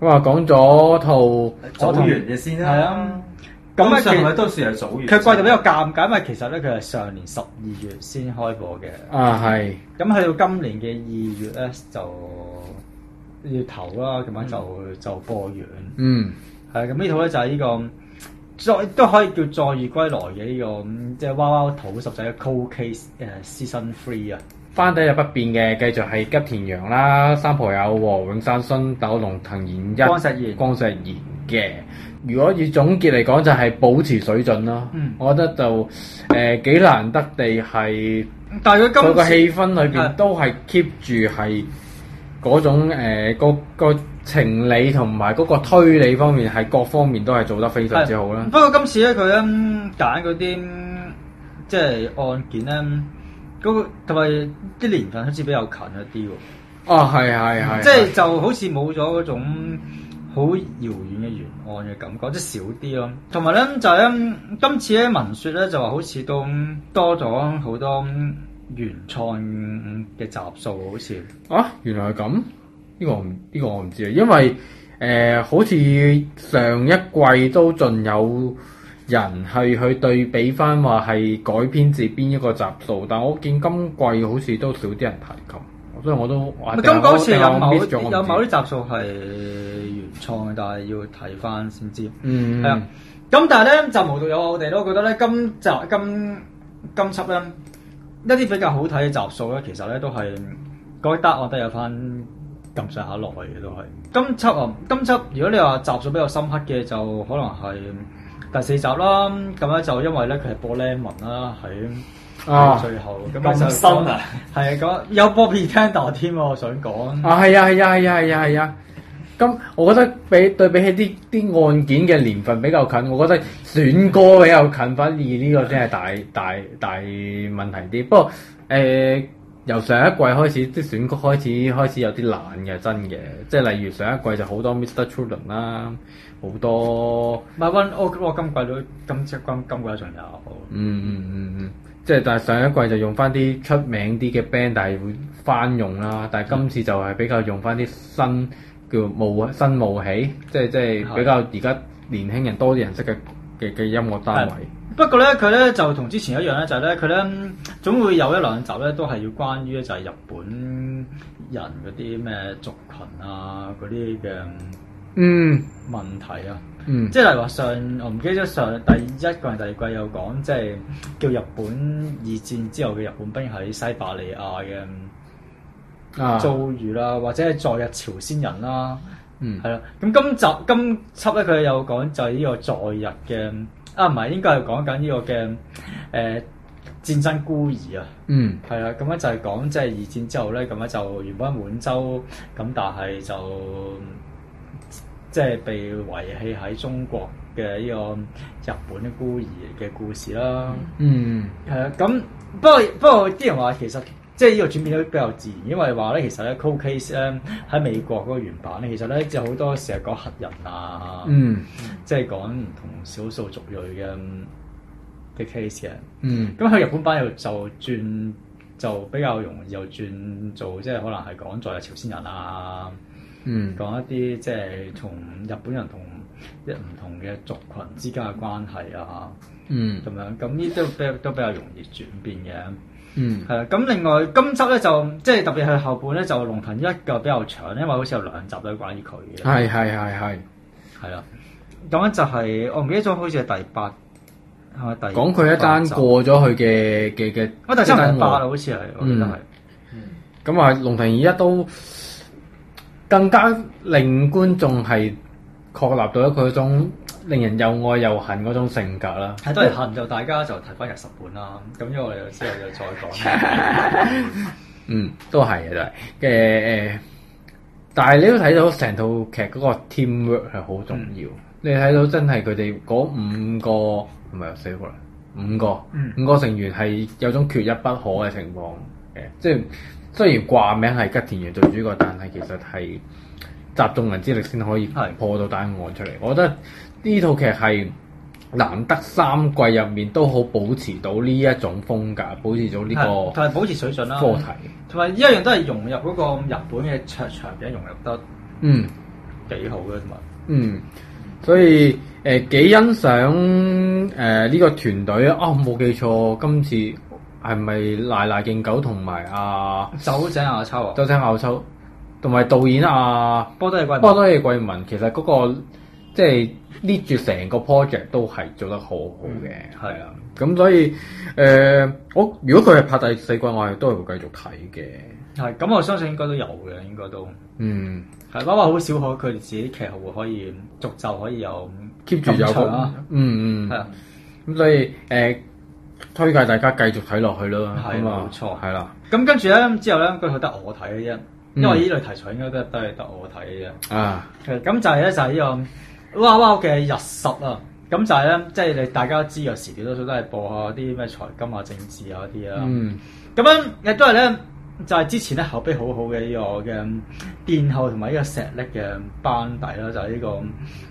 嗯、啊，嗯嗯嗯、講咗套講完嘅先啦。係啊。咁都啊，早實佢季度比較尷尬，因為其實咧佢係上年十二月先開播嘅。啊，係。咁去到今年嘅二月咧，就月頭啦，咁埋就、嗯、就播完。嗯，係。咁呢套咧就係呢、呢個再都可以叫再遇歸來」嘅呢個，即係《娃娃土實仔 Cold Case、呃》誒 Season Three 啊。翻底又不變嘅，繼續係吉田羊啦、三浦友和、永山絢斗、瀧藤賢一、光石研。光石研。嗯嘅，如果以總結嚟講，就係保持水準咯，嗯。我覺得就誒幾、呃、難得地係，但係佢今個氣氛裏邊的都係 keep 住係嗰種誒、呃嗰個嗰個情理同埋嗰個推理方面係各方面都係做得非常之好啦。不過今次咧，佢咧揀嗰啲即係案件咧，嗰個同埋啲年份好似比較近一啲喎。啊，係係係，即係就好似冇咗嗰種。好遙遠嘅原案嘅感覺，即少啲咯。同埋咧，就喺、是、今次咧文說咧，就話好似都多咗好多原創嘅集數，好似啊，原來係咁。呢、這個唔呢、這個我唔知啊，因為誒、呃、好似上一季都仲有人係去對比翻話係改編自邊一個集數，但我見今季好似都少啲人提及。.所以我都話，咁嗰次有某有某啲集數係原創嘅，但係要睇翻先知。嗯，係啊。咁但係咧，集無獨有，我哋都覺得咧，今集今今，今輯咧一啲比較好睇嘅集數咧，其實咧都係覺、那個、答案有都有番撳上下落嚟嘅都係。今輯啊，今輯如果你話集數比較深刻嘅，就可能係第四集啦。咁咧就因為咧佢係播 Lemon 啦喺。啊！最好咁深啊，係 啊，講有 pretender 添喎，想講啊，係啊，係啊，係啊，係啊，係啊，咁、嗯、我覺得比對比起啲啲案件嘅年份比較近，我覺得選歌比較近反而呢個先係大 大大，大問題啲。不過誒、呃，由上一季開始啲選曲開始開始有啲難嘅真嘅，即係例如上一季就好多 Mr. Children 啦，好多 My o 我今季都今即今今季仲有，嗯嗯嗯嗯。 即係，但係上一季就用翻啲出名啲嘅 band，但係會翻用啦。但係今次就係比較用翻啲新叫冒新冒起，即係即係比較而家年輕人多啲人識嘅嘅嘅音樂單位。不過咧，佢咧就同之前一樣咧，就係咧佢咧總會有一兩集咧都係要關於咧就係日本人嗰啲咩族群啊嗰啲嘅嗯問題啊。嗯嗯，即係例如上，我唔記得上第一季、第二季有講，即係叫日本二戰之後嘅日本兵喺西伯利亞嘅遭遇啦，啊、或者係在日朝鮮人啦，嗯，係啦。咁今集、今輯咧，佢有講就係呢個在日嘅啊，唔係應該係講緊呢個嘅誒、呃、戰爭孤兒啊。嗯，係啦。咁咧就係講即係二戰之後咧，咁咧就原本喺滿洲咁，但係就。即係被遺棄喺中國嘅呢個日本嘅孤兒嘅故事啦。嗯，係啊。咁不過不過啲人話其實即係呢個轉變都比較自然，因為話咧其實咧 Cold Case 咧喺美國嗰個原版咧，其實咧就好多時係講黑人啊，嗯，即係講唔同少數族裔嘅嘅 case 嘅。嗯，咁喺日本版又就轉就比較容易又轉做即係可能係講在日朝鮮人啊。嗯，講一啲即係從日本人同一唔同嘅族群之間嘅關係啊，嗯，咁樣咁呢都比都比較容易轉變嘅，嗯，係啦。咁另外今集咧就即係特別係後半咧就龍騰一個比較長，因為好似有兩集都係關於佢嘅，係係係係，係啦。咁樣就係我唔記得咗，好似係第八，係咪第八講佢一單過咗去嘅嘅嘅，啊，第七第八啦，好似係，嗯，咁啊，龍騰而家都。更加令觀眾係確立到一佢嗰種令人又愛又恨嗰種性格啦。係都係恨就大家就提翻入十本啦。咁因為我哋之後就再講。嗯，都係嘅，都係嘅、呃。但係你都睇到成套劇嗰個 teamwork 係好重要。嗯、你睇到真係佢哋嗰五個唔係四個人，五個、嗯、五個成員係有種缺一不可嘅情況嘅，即、嗯、係。嗯雖然掛名係吉田羊做主角，但係其實係集眾人之力先可以破到大案出嚟。是我覺得呢套劇係難得三季入面都好保持到呢一種風格，保持咗呢個同埋保持水準啦。課題同埋一樣都係融入嗰個日本嘅卓」，場嘅融入得嗯幾好嘅同埋嗯，所以誒幾、呃、欣賞誒呢、呃這個團隊啊！冇、哦、記錯今次。係咪奶奶敬狗同埋，啊？酒井阿秋啊？酒井阿秋，同埋導演阿、啊、波多野貴波多野貴文，其實嗰、那個即係捏住成個 project 都係做得好好嘅，係啊。咁所以誒，我、呃、如果佢係拍第四季，我係都係會繼續睇嘅。係咁、啊，我相信應該都有嘅，應該都嗯係，不過好少可佢哋自己劇號可以續就可以有 keep 住有嗯嗯，係啊、 嗯。咁所以誒。呃推介大家繼續睇落去咯，冇的麼錯，係啦了。咁跟住咧，之後咧，應該得我睇嘅啫，嗯、因為呢類題材應該都都係得我睇嘅啫。啊，咁就係咧，就係呢、這個 WOWOW 嘅日劇啊，咁就係咧，即、就、係、是、你大家知啊，有時段多數都係播下啲咩財金啊、政治啊啲啊。嗯，咁樣亦都係咧。就係之前咧，口碑好好嘅呢個嘅殿後同埋呢個石力嘅班底啦，就係、是、呢個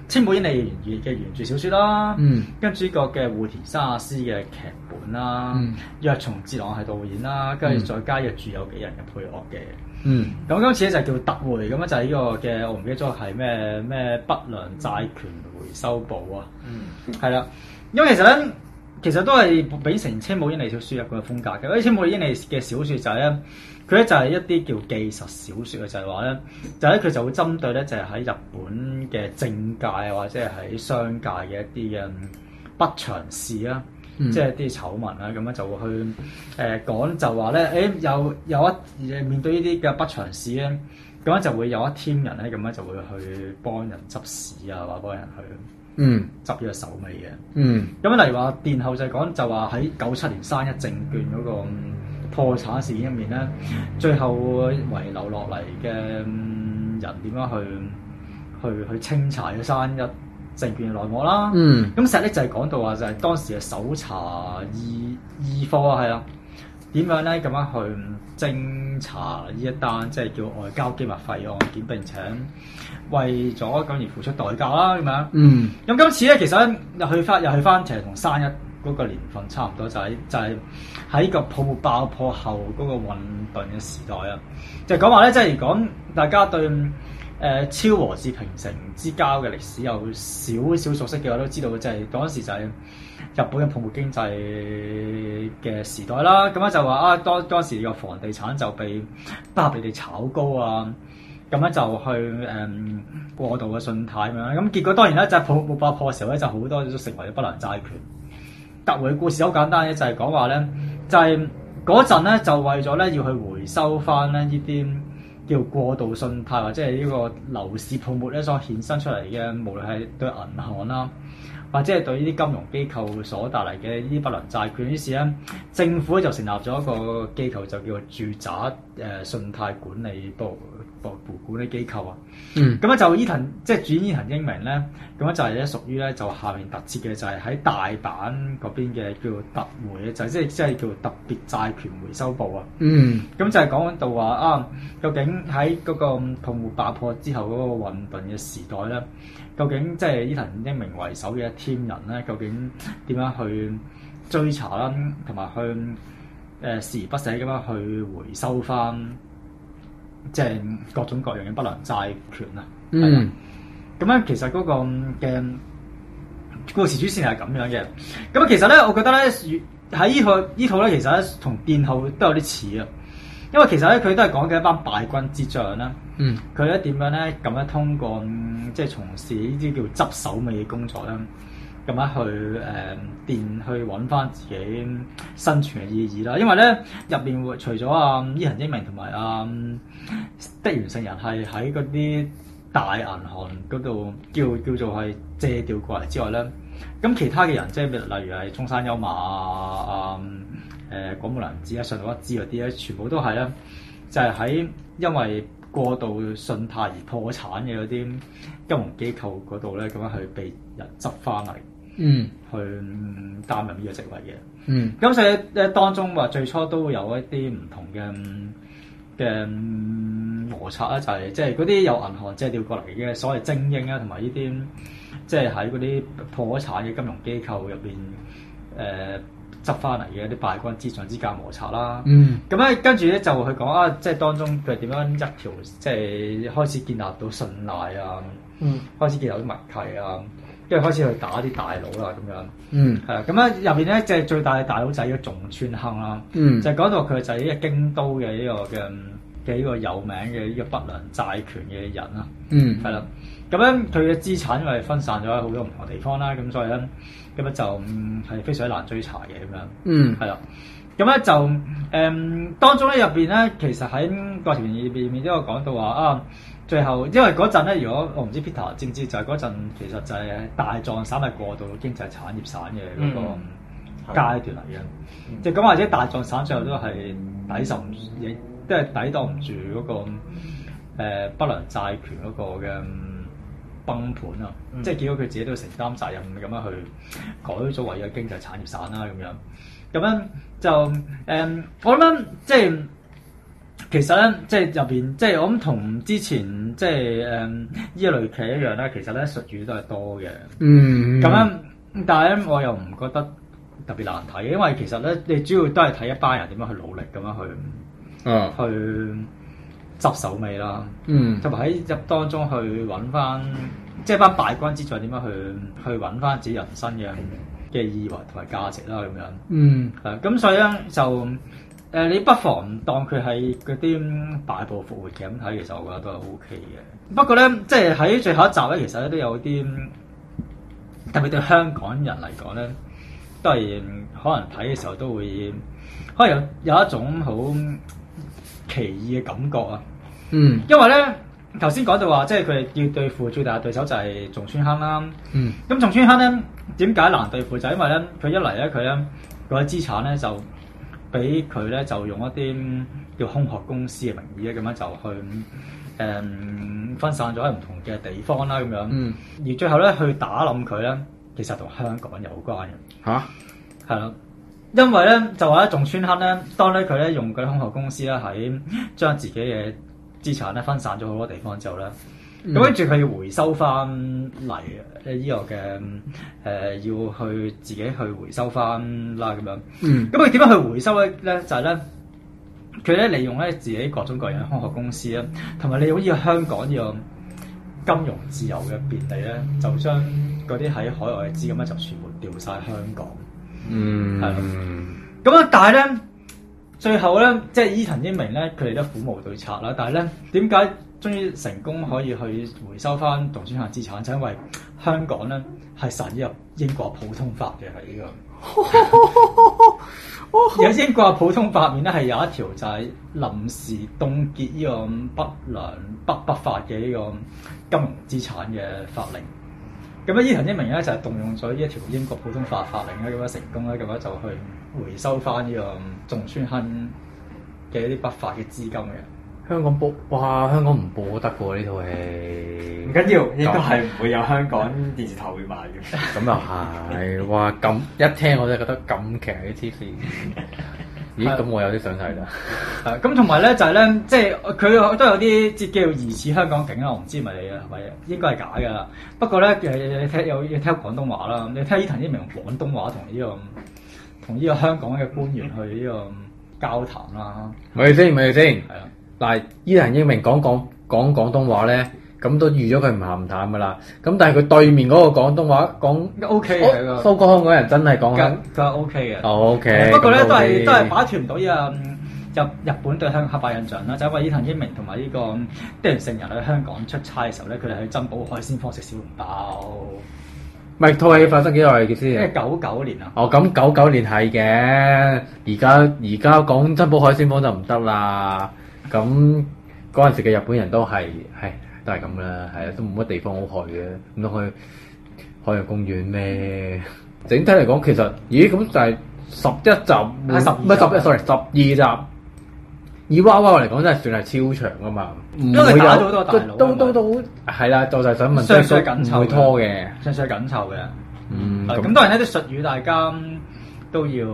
清武英利嘅原，原著小説啦，嗯、跟住呢個嘅胡田沙阿斯嘅劇本啦，嗯、若松哲朗係導演啦，跟住再加若住有幾人嘅配樂嘅。嗯，咁今次咧就叫特回咁啊，就係呢個嘅我唔記得咗係咩咩不良債權回收部啊嗯。嗯，係啦，因為其實咧，其實都係秉承清武英利小説入面嘅風格嘅，因為清武英利嘅小説就係咧。佢咧就係一啲叫記實小説嘅，就係話咧，就咧、是、佢就會針對咧，就係、是、喺日本嘅政界啊，或者係喺商界嘅一啲嘅不祥事啦，嗯、即係啲醜聞啦，咁樣就會去誒講，呃、說就話咧，誒、哎、有有一面對呢啲嘅不祥事咧，咁樣就會有一 team 人咧，咁樣就會去幫人執屎啊，或幫人去執嗯執呢個手尾嘅。嗯，咁樣例如話電後就係講，就話喺九七年山一證券嗰、那個。嗯破產事件入面咧，最後遺留落嚟嘅人點樣去去去清查嘅山一證券內幕啦。嗯，咁實咧就係講到話就係當時嘅搜查二二課啊，係啊，點樣咧咁樣去偵查呢一單即係叫外交機密費案件，並且為咗咁而付出代價啦，咁樣。嗯，咁今次咧其實又去翻又去翻，其實同山一，嗰個年份差唔多就喺、是、就係、是、喺個泡沫爆破後嗰個混沌嘅時代啊！就講話咧，即係如果大家對誒、呃、昭和至平成之交嘅歷史有少少熟悉嘅話，我都知道嘅，就係嗰時就係日本嘅泡沫經濟嘅時代啦。咁咧就話啊，當當時個房地產就被不合理地炒高啊，咁樣就去誒、嗯、過度嘅信貸咁樣，咁結果當然咧就是、泡沫爆破嘅時候咧，就好、是、多都成為咗不良債權。特回故事好簡單嘅，就係講話咧，就係嗰陣咧，就為咗咧要去回收返咧呢啲叫過度信貸或者係呢個樓市泡沫咧所衍生出嚟嘅，無論係對銀行啦，或者係對呢啲金融機構所帶嚟嘅呢啲不良債券。於是咧政府就成立咗一個機構，就叫做住宅。誒、呃、信貸管理部部，部管理機構啊，嗯，咁咧就伊藤，即係主伊藤、e、英明咧，咁樣就係咧屬於咧就下面特設嘅，就係喺大阪嗰邊嘅叫特回，就即係即係叫特別債權回收部啊，嗯，咁就係講到話啊，究竟喺嗰個泡沫爆破之後嗰個混沌嘅時代咧，究竟即係伊藤英明為首嘅一 team 人咧，究竟點樣去追查啦，同埋去誒，事、呃、而不捨咁樣去回收翻，即係各種各樣嘅不良債權啦。嗯，咁樣其實嗰個嘅故事主線係咁樣嘅。咁啊，其實咧，我覺得咧，喺依套依套咧，其實咧，同《殿後》都有啲似啊。因為其實咧，佢都係講緊一班敗軍之將啦。嗯呢，佢咧點樣咧，咁樣通過即係從事呢啲叫執手尾嘅工作咧。咁樣去誒電、嗯，去揾翻自己生存嘅意義啦。因為咧入邊面除咗阿、嗯、伊恒英明同埋阿的源信人係喺嗰啲大銀行嗰度叫叫做係借調過嚟之外咧，咁其他嘅人即係例如係中山優馬啊、啊、嗯、誒廣木良子啊、信濃一枝嗰啲咧，全部都係咧就係喺因為過度信貸而破產嘅嗰啲金融機構嗰度咧，咁樣去被人執翻嚟。嗯，去擔任呢個職位嘅。嗯，咁所以誒當中話最初都會有一啲唔同嘅嘅摩擦咧、啊，就係即係嗰啲有銀行借調過嚟嘅所謂精英啊，同埋呢啲即係喺嗰啲破產嘅金融機構入邊誒執翻嚟嘅啲敗軍之將之間摩擦啦、啊。嗯，咁咧跟住咧就佢講啊，即係當中佢點樣一條即係開始建立到信賴啊，嗯、開始建立啲默契啊。跟住開始去打啲大佬啦，咁樣，係啊，咁咧入邊咧，即係最大嘅大佬仔叫仲村亨啦，就講到佢就係呢個京都嘅呢個嘅嘅呢個有名嘅呢個不良債權嘅人啦，係啦，咁樣佢嘅資產因為分散咗喺好多唔同地方啦，咁所以咧，咁樣就係非常之難追查嘅咁樣，係啦，咁咧就誒當中咧入邊咧，其實喺個情節入邊，面都有講到話啊。最後，因為嗰陣咧，如果我唔知 Peter 知唔知，就係嗰陣其實就係大藏省係過渡經濟產業省嘅嗰個階段嚟嘅，即係咁或者大藏省最後都係抵受亦都係抵擋唔住嗰、那個、呃、不良債權嗰個嘅崩盤啊！嗯、即係見到佢自己都要承擔責任咁樣去改咗為嘅經濟產業省啦咁樣，咁樣就誒、嗯，我諗即係。其實咧，即係入邊，即係我諗同之前即係誒呢一類劇一樣咧，其實咧術語都係多嘅、嗯。嗯，咁樣，但係咧我又唔覺得特別難睇，因為其實咧你主要都係睇一班人點樣去努力，咁樣去，嗯、啊，去執手尾啦。嗯，同埋喺入當中去揾翻，即係班敗軍之將，點樣去去揾翻自己人生嘅嘅意義同埋價值啦，咁樣嗯嗯。嗯，係、嗯，咁所以咧就。就誒，你不妨唔當佢係嗰啲大部復活嘅咁睇，其實我覺得都係 O K 嘅。不過咧，即係喺最後一集咧，其實咧都有啲特別對香港人嚟講咧，當然可能睇嘅時候都會可能有有一種好奇異嘅感覺啊。嗯，因為咧頭先講到話，即係佢要對付最大嘅對手就係仲村亨啦。嗯，咁仲村亨咧點解難對付？就係、因為咧佢一嚟咧佢咧嗰啲資產咧就。俾佢咧就用一啲叫空殼公司嘅名義咧，咁樣就去誒、um, 分散咗喺唔同嘅地方啦，咁樣，嗯、而最後咧去打冧佢咧，其實同香港有關嘅嚇，係咯、啊，因為咧就係一種穿坑咧，當咧佢咧用嗰空殼公司啦，喺將自己嘅資產咧分散咗好多地方之後咧。咁跟住佢要回收翻嚟，即、這、呢個嘅誒、呃，要去自己去回收翻啦咁樣。咁佢點樣去回收咧？就係、是、咧，佢咧利用咧自己各種各樣嘅空殼公司啦，同埋你好似香港呢個金融自由嘅便利咧，就將嗰啲喺海外嘅資金咧就全部調晒香港。嗯，係咁。咁啊，但係咧，最後咧，即係伊藤英明咧，佢哋都苦無對策啦。但係咧，點解？終於成功可以去回收翻仲村亨資產，就是、因為香港咧係實入英國,英,、就是、英國普通法嘅喺呢個。有英國普通法面咧，係有一條就係臨時凍結呢個不良不不法嘅呢個金融資產嘅法令。咁啊，伊藤一明咧就係動用咗呢一條英國普通法法令咧咁樣成功咧咁樣就去回收翻呢個仲村亨嘅一啲不法嘅資金嘅。香港播哇！香港唔播都得嘅喎，呢套戲唔緊要，應該係唔會有香港電視台會買嘅。咁又係哇！咁一聽我就係覺得咁劇嘅黐線。咦？咁我有啲想睇啦。咁，同埋咧就係、是、咧，即係佢都有啲即叫疑似香港警啦。我唔知係咪嘅，係應該係假嘅。不過咧誒誒，你你要聽有聽，聽廣東話啦，你聽譚依明廣東話同呢個同呢個香港嘅官員去呢個交談啦。唔好意思，唔好意思，係啊。嗱，伊藤英明講講講廣東話咧，咁都預咗佢唔鹹唔淡噶啦。咁但係佢對面嗰個廣東話講 OK 嘅，蘇格蘭香港人真係講緊 OK 嘅。OK，不過咧都係都係擺脫唔到依啊日日本對香港嘅印象啦。就係伊藤英明同埋呢個啲人成日去香港出差嘅時候咧，佢哋去珍寶海鮮坊食小籠包。唔係，套戲發生幾耐嘅先？即係九九年啊。哦，咁九九年係嘅。而家而家講珍寶海鮮坊就唔得啦。咁嗰陣時嘅日本人都係係都係咁啦，係啊，都冇乜地方好去嘅，咁都去海洋公園咩？整體嚟講，其實，咦？咁就係十一集，十唔係十一？sorry，十二集。以娃娃嚟講，真係算係超長啊嘛！因為打咗好多都都都係很啦，就就、啊、想問，相相緊湊拖嘅，相相緊湊嘅。嗯，咁當然呢啲術語，大家都要。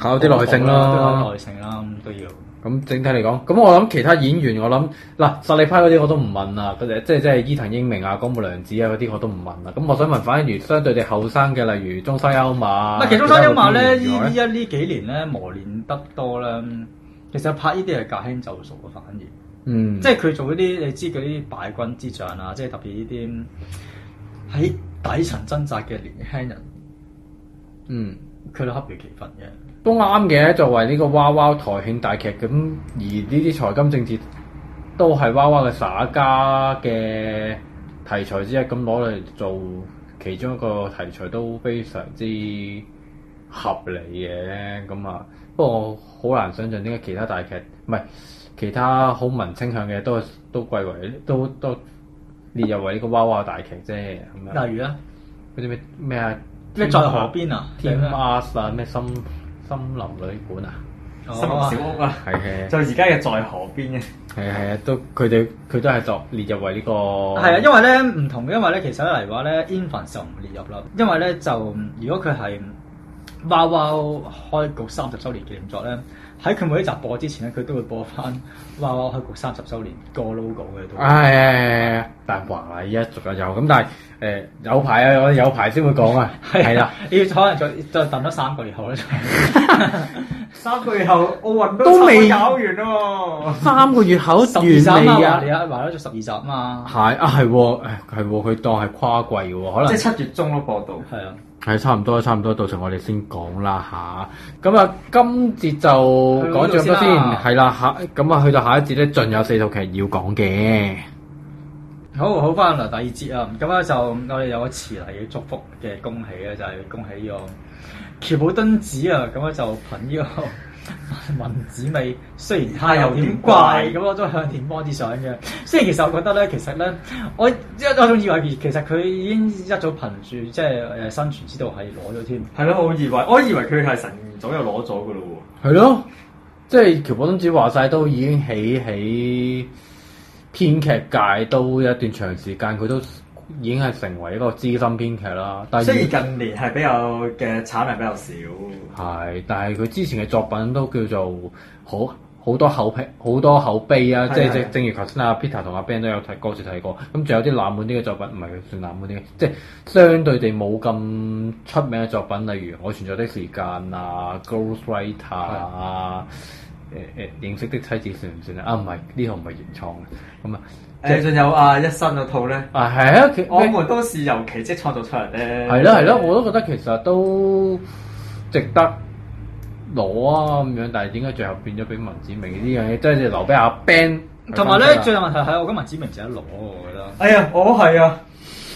搞啲耐，耐性啦，耐性啦，咁都要。咁、嗯、整體嚟講，咁我諗其他演員，我諗嗱實力派嗰啲我都唔問啦，嗰啲、嗯、即係即係伊藤英明啊、高木涼子啊嗰啲我都唔問啦。咁我想問，反而相對哋後生嘅，例如中西優馬。其實中西優馬咧，馬呢呢一呢幾年咧磨練得多啦。其實拍呢啲係駕輕就熟嘅反而嗯。即係佢做嗰啲，你知嗰啲敗軍之將啊，即係特別呢啲喺底層掙扎嘅年輕人嗯。嗯，佢都恰如其分嘅。都啱嘅，作為呢個 WOWOW 台慶大劇咁，而呢啲財金政治都係 WOWOW 嘅耍家嘅題材之一，咁攞嚟做其中一個題材都非常之合理嘅。咁啊，不過我好難想像點解其他大劇唔係其他好文青向嘅都都歸為都都列入為呢個 WOWOW 大劇啫。樣啊、例如啊，嗰啲咩咩啊咩在河邊啊天啊，咩心。森林旅館啊，森林、哦、小屋啊，係嘅。就而家嘅在河邊嘅，係啊係啊，都佢哋佢都係作列入為呢個。係啊，因為咧唔同，嘅，因為咧其實一嚟話咧，Infin 就唔列入啦。因為咧就如果佢係哇哇開局三十週年嘅紀念作咧。喺佢每一集播之前咧，佢都會播翻《WOWOW 開局三十周年》個 logo 嘅都。誒，但華麗一續又有咁，但係誒有排啊，有有排先會講啊。係係啦，要可能再再等咗三個月後咧。三個月後奧運都未搞完喎。三個月後十完未啊？你阿話咗做十二集嘛？係啊，係喎，係喎，佢當係跨季嘅喎，可能。即係七月中都播到。係啊。係差唔多，差唔多，到時我哋先講啦吓。咁啊，今節就講咗先，係啦吓。咁啊，去到下一節咧，仲有四套劇要講嘅。好好翻啦，第二節啊，咁啊就我哋有個遲嚟嘅祝福嘅恭喜咧，就係、是、恭喜呢個喬寶敦子啊，咁啊就憑呢、這個。萌子美雖然太有點怪，咁、嗯、我都向田邦子賞嘅。雖然其實我覺得咧，其實咧，我一我仲以為其實佢已經一早憑住即係誒生存之道係攞咗添。係咯，我以為了了，我以為佢係神早又攞咗噶咯喎。係咯，即係橋部敦子話晒，都已經起喺編劇界都一段長時間，佢都。已經係成為一個資深編劇啦，但係雖然近年係比較嘅產量比較少，係，但係佢之前嘅作品都叫做好好多口碑，好多口碑啊，即係即正如頭先啊 Peter 同阿 Ben 都有提過，過，就提過咁，仲有啲冷門啲嘅作品，唔係算冷門啲，即係相對地冇咁出名嘅作品，例如《我存在嘅時間》啊，《Ghost Writer》啊。的誒誒、欸欸，認識的妻子算唔算啊？啊，唔係呢套唔係原創嘅，咁啊誒，仲、欸、有啊，一身嗰套咧啊，係啊，其我們都是由奇蹟創造出嚟咧，係咯係咯，我都覺得其實都值得攞啊咁樣，但係點解最後變咗俾萌子美呢樣嘢，即係留俾阿 Ben？同埋咧，最大問題係我覺得萌子美值得攞，我覺得。哎呀，我、哦、係啊，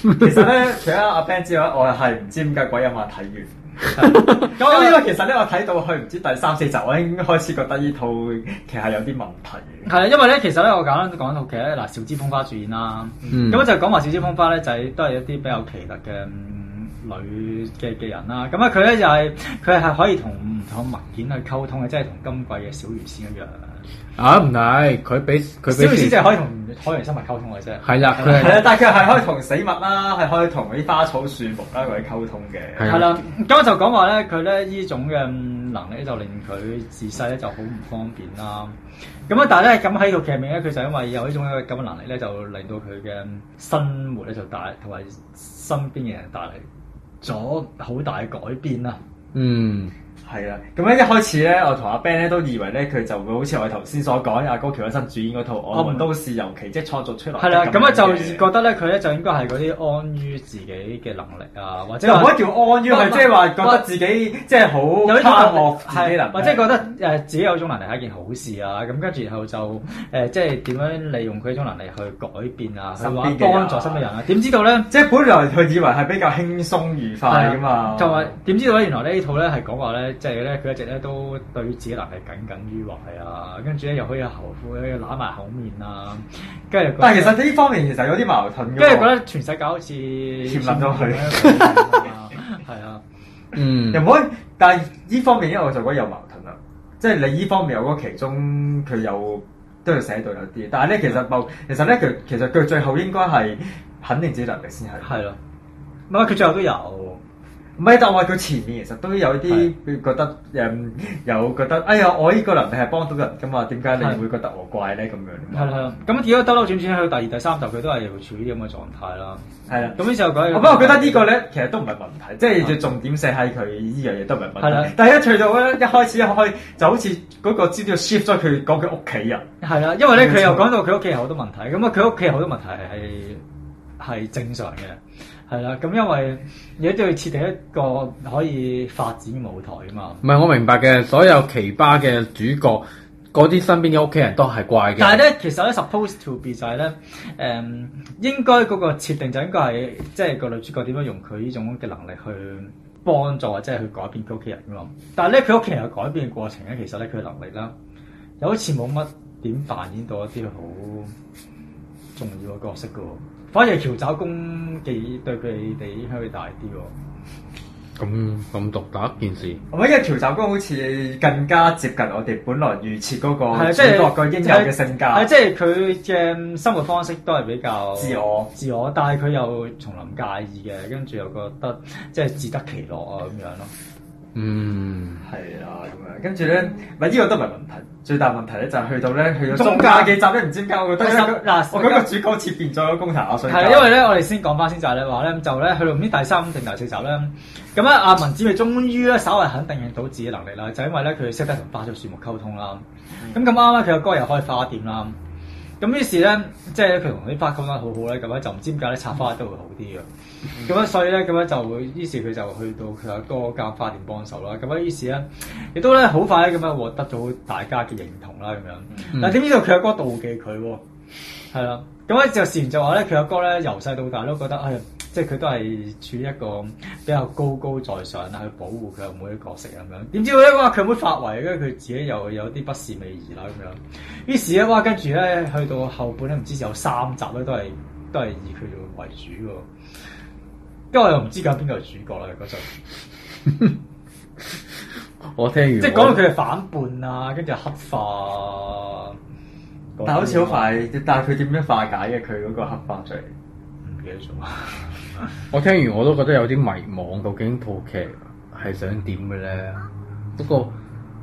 其實咧，除咗阿 Ben 之外，我又係唔知點解鬼有冇睇完。咁呢 為其實咧，我睇到去唔知第三四集，我已經開始覺得呢套劇係有啲問題。係啊，因為咧，其實咧，我簡單講一套劇嗱，《小芝風花》主演啦，啊、咁、嗯、就講話《小芝風花》咧，就係、是、都係一啲比較奇特嘅、嗯、女嘅嘅人啦，啊。咁咧，佢咧就係佢係可以同唔同物件去溝通嘅，即係同今季嘅小魚仙一樣。啊，唔係，佢俾佢俾小魚即係可以同海洋生物溝通嘅啫。係啦，係啦，但係佢係可以同死物啦，係可以同啲花草樹木啦嗰啲溝通嘅。係啦的，咁就講話咧，佢咧呢種嘅能力就令佢自細咧就好唔方便啦。咁啊，但係咧咁喺度劇情咧，佢就因為有呢種嘅溝通能力咧，就令到佢嘅生活咧就帶同埋身邊嘅人帶嚟咗好大嘅改變啦。嗯。係啦，咁咧一開始咧，我同阿 Ben 咧都以為咧佢就會好似我哋頭先所講，阿高橋一生主演嗰套《我們都是由奇蹟創造出嚟》。係啦，咁啊就覺得咧佢咧就應該係嗰啲安於自己嘅能力啊，或者唔好一條安於係即係話覺得自己即係好有一啲同學係，或者覺得誒自己有一種能力係一件好事啊，咁跟住然後就誒即係點樣利用佢一種能力去改變啊，去幫助身嘅人啊，點知道咧？即係本來佢以為係比較輕鬆愉快㗎嘛，就係點知道咧？原來咧呢套咧係講話咧。即係咧，佢一直咧都對自己能力耿耿於懷啊，跟住咧又可以後悔，可以揦埋口面啊。跟住。但係其實呢方面其實有啲矛盾嘅。即係覺得全世界好似。欠咗佢。係啊 的。嗯。又唔可以？但係呢方面因咧，我就覺得有矛盾啦。即係你呢方面有嗰其中，佢有都係寫到有啲，但係咧其實冇。其實咧，佢其實佢最後應該係肯定自己能力先係。係咯。唔係佢最後都有。唔係，但係我話佢前面其實都有啲是的 覺得，誒、嗯、有覺得，哎呀，我呢個能力係幫到人咁嘛？點解你會覺得我怪咧咁樣？係啦，咁點解兜兜轉轉去到第二、第三集佢都係處於咁嘅狀態啦？係啦的，咁呢時候講，不過覺得個呢個咧其實都唔係問題，是的 即係重點寫係佢呢樣嘢都唔係問題。啦是的，第一除咗咧一開始一開始就好似嗰個資料 shift 咗佢講佢屋企人係啦，因為咧佢又講到佢屋企有好多問題，咁啊佢屋企有好多問題係係正常嘅。係啦，咁因為而家都要設定一個可以發展舞台啊嘛。唔係，我明白嘅。所有奇葩嘅主角，嗰啲身邊嘅屋企人都係怪嘅。但係咧，其實咧，supposed to be 就係咧，誒應該嗰個設定就應該係即係個女主角點樣用佢呢種嘅能力去幫助，或者係去改變佢屋企人嘅嘛。但係咧，佢屋企人改變嘅過程咧，其實咧佢嘅能力啦，又好似冇乜點扮演到一啲好重要嘅角色嘅喎。反而調酒工幾對佢哋影響會大啲喎？咁咁獨特一件事。唔係，因為調酒工好似更加接近我哋本來預設嗰個是主角個應有嘅性格。係，即係佢嘅生活方式都係比較自我，自我，但係佢又從嚟唔介意嘅，跟住又覺得即係、就是、自得其樂啊咁樣咯。嗯，係啊，咁樣，跟住咧，唔、呢、這個都唔係問題，最大問題咧就係去到咧，去到中間幾集都唔知點解我覺得咧，嗱，我嗰個主角設變咗個攻頭，我想係因為咧，我哋先講翻先就係你話咧，就咧去到唔知第三定第四集咧，咁咧阿文子咪終於咧稍為肯定到自己能力啦，就因為咧佢識得同花草樹木溝通啦，咁咁啱咧佢個哥又開花店啦。咁於是咧，即係佢同啲花講得好好咧，咁咧就唔知點解咧插花都會好啲嘅。咁樣、嗯、所以咧，咁樣就會於是佢就去到佢阿哥間花店幫手啦。咁啊於是咧，亦都咧好快咧咁樣獲得咗大家嘅認同啦。咁樣、嗯、但點知道佢阿哥妒忌佢喎。係啦，咁咧就自然就話咧，佢阿哥咧由細到大都覺得係。哎即係佢都係處於一個比較高高在上啊，去保護佢妹妹嘅角色咁樣。點知咧哇，佢會發圍，跟住佢自己又有啲不是味兒啦咁樣。於是咧哇，跟住咧去到後半咧，唔知，知有三集咧都係都係以佢做為主嘅。咁我又唔知搞邊個係主角啦嗰陣。我聽完即係講到佢係反叛啊，跟住黑化。但好似好快，但係佢點樣化解嘅佢嗰個黑化出嚟？唔記得咗。 我聽完我都覺得有啲迷惘，究竟套劇係想點嘅咧？不過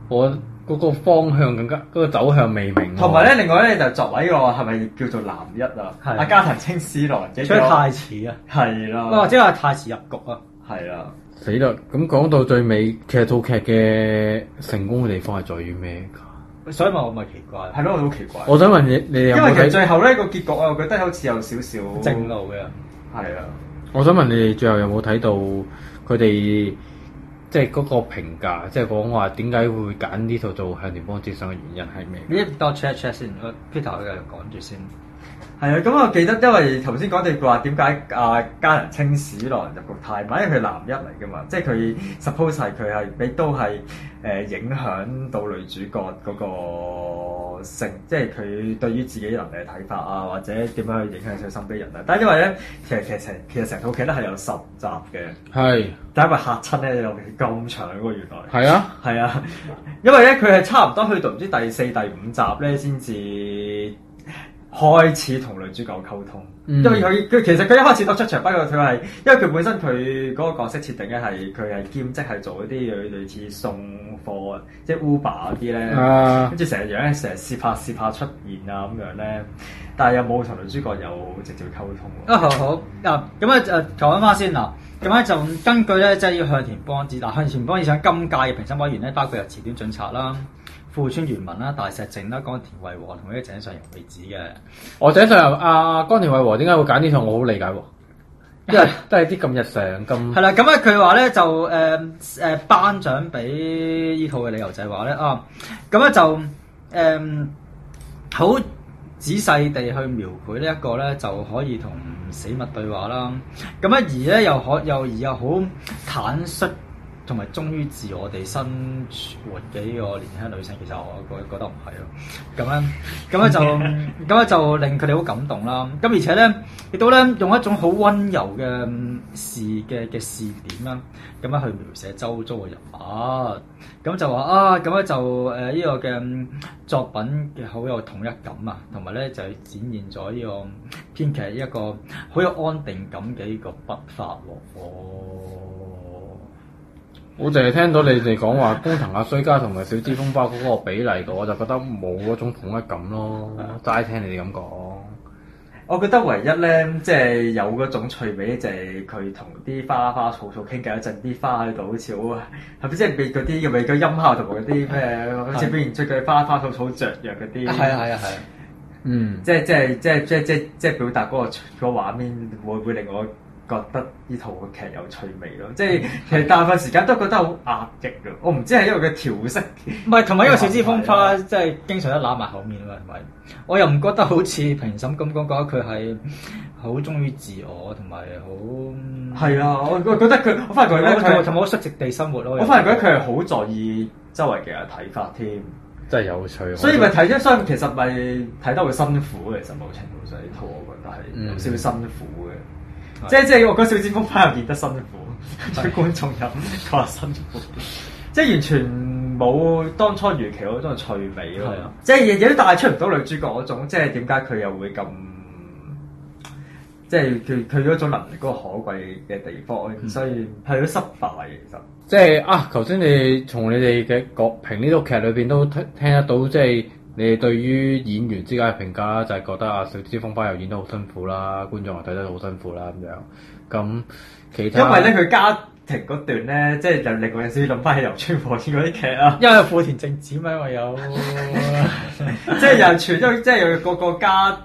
我嗰、那個方向更加嗰、那個走向未明。同埋咧，另外咧就作為一個係咪叫做男一啊？係啊，加藤清史郎，嘅。出太遲啊！係啦。即係太遲入局啊！係啦。死啦！咁講到最尾，其實套劇嘅成功嘅地方係在於咩？所以咪我咪奇怪，係咯，好奇怪。我想問你，你有冇睇？因為其實最後咧個結局啊，我覺得好似有少少正路嘅，係啊。我想問你哋最後有冇睇到佢哋即係嗰個評價，即係講話點解會揀呢套做向田邦子賞嘅原因係咩？你到 check check 先，Peter 佢繼續講住先。係、嗯、啊，咁我記得，因為頭先講到話點解阿加藤清史落嚟入局太慢，因為佢男一嚟噶嘛，即係佢 suppose 係佢係亦都係誒影響到女主角嗰個性，即係佢對於自己能力嘅睇法啊，或者點樣去影響佢心扉人啊。但因為咧，其實其實其實成套劇咧係有十集嘅，係是，第一個嚇親咧，有咁長嘅喎原來。係啊，係啊，啊，因為咧佢係差唔多去到唔知第四、第五集咧先至。開始同女主角溝通，嗯、因為佢佢其實佢一開始都出場，不過佢係因為佢本身佢嗰個角色設定咧係佢係兼職係做一啲類似送貨，即係 Uber 嗰啲咧，跟住成日樣咧，成日試怕試怕出現啊咁樣咧，但係又冇同女主角有直接溝通喎、啊。好，好啊，咁啊誒，講返先嗱，咁咧就根據咧即係向田邦子，但、啊、向田邦子賞今屆嘅評審委員咧，包括有字典進策啦。富村原文啦、大石靜啦、岡田惠和同嗰啲井上陽子嘅，哦，井上阿、啊、岡田惠和點解會揀呢套？嗯、我好理解喎，因為都係啲咁日常咁。係啦，咁咧佢話咧就誒誒，頒、呃、獎俾呢套嘅理由就係話咧啊，咁、嗯、咧就誒好、呃、仔細地去描繪呢一個咧就可以同死物對話啦，咁咧而咧又可又而又好坦率。同埋忠於自我哋生活嘅呢個年輕女性，其實我覺覺得唔係咯。咁樣咁樣就咁 樣就令佢哋好感動啦。咁而且咧，亦都咧用一種好溫柔嘅視嘅嘅視點啦，咁樣去描寫周遭嘅人物。咁就話啊，咁樣就誒呢、呃這個嘅作品嘅好有統一感啊，同埋咧就展現咗呢、這個編劇一個好有安定感嘅呢個筆法喎。哦我淨係聽到你哋講話高藤阿衰家同埋小資風花嗰個比例，我就覺得冇嗰種統一感咯。齋聽你哋咁講，我覺得唯一咧，即係有嗰種趣味就係佢同啲花花草草傾偈一陣，啲花喺度好似好係咪即係俾嗰啲，係咪嗰音效同埋嗰啲咩，好似表現出佢花花草草雀躍嗰啲？係啊係啊係啊！的的嗯，即係即係即係即係即係表達嗰、那個嗰、那個、畫面，會唔會令我？覺得呢套嘅劇有趣味咯，即係其實大部分時間都覺得好壓抑咯。我唔知係因為佢調色，唔係同埋因為小芝風花， 即係經常都揦埋口面啊嘛。同埋我又唔覺得好似評審咁講，覺得佢係好忠於自我同埋好。係啊，我覺得佢我發現覺得佢同埋我率直地生活咯。我反而覺得佢係好在意周圍嘅人睇法添，真係有趣。所以咪睇咗，所以其實咪睇得會辛苦。其實某程度上，呢套我覺得係有少少辛苦嘅。嗯即係即係，我覺得小鮮肉反而演得辛苦，啲觀眾又話辛苦。即係完全冇當初預期嗰種趣味咯。 即係亦亦都帶出唔到女主角嗰種， 即係點解佢又會咁？ 即係佢佢嗰種能力嗰個可貴嘅地方，所以係都失敗。其 實即係啊！頭先你從你哋嘅評呢套劇裏邊都聽聽得到，即係。你哋對於演員之間嘅評價就係、是、覺得啊，《小芝風花》又演得好辛苦啦，觀眾又睇得好辛苦啦咁樣。咁，其他、啊、因為咧佢家庭嗰段咧，即係又另外有少少諗翻起村《遊川和彥》嗰啲劇啊。因為富田正子咪話有，即係人全真，即係個個家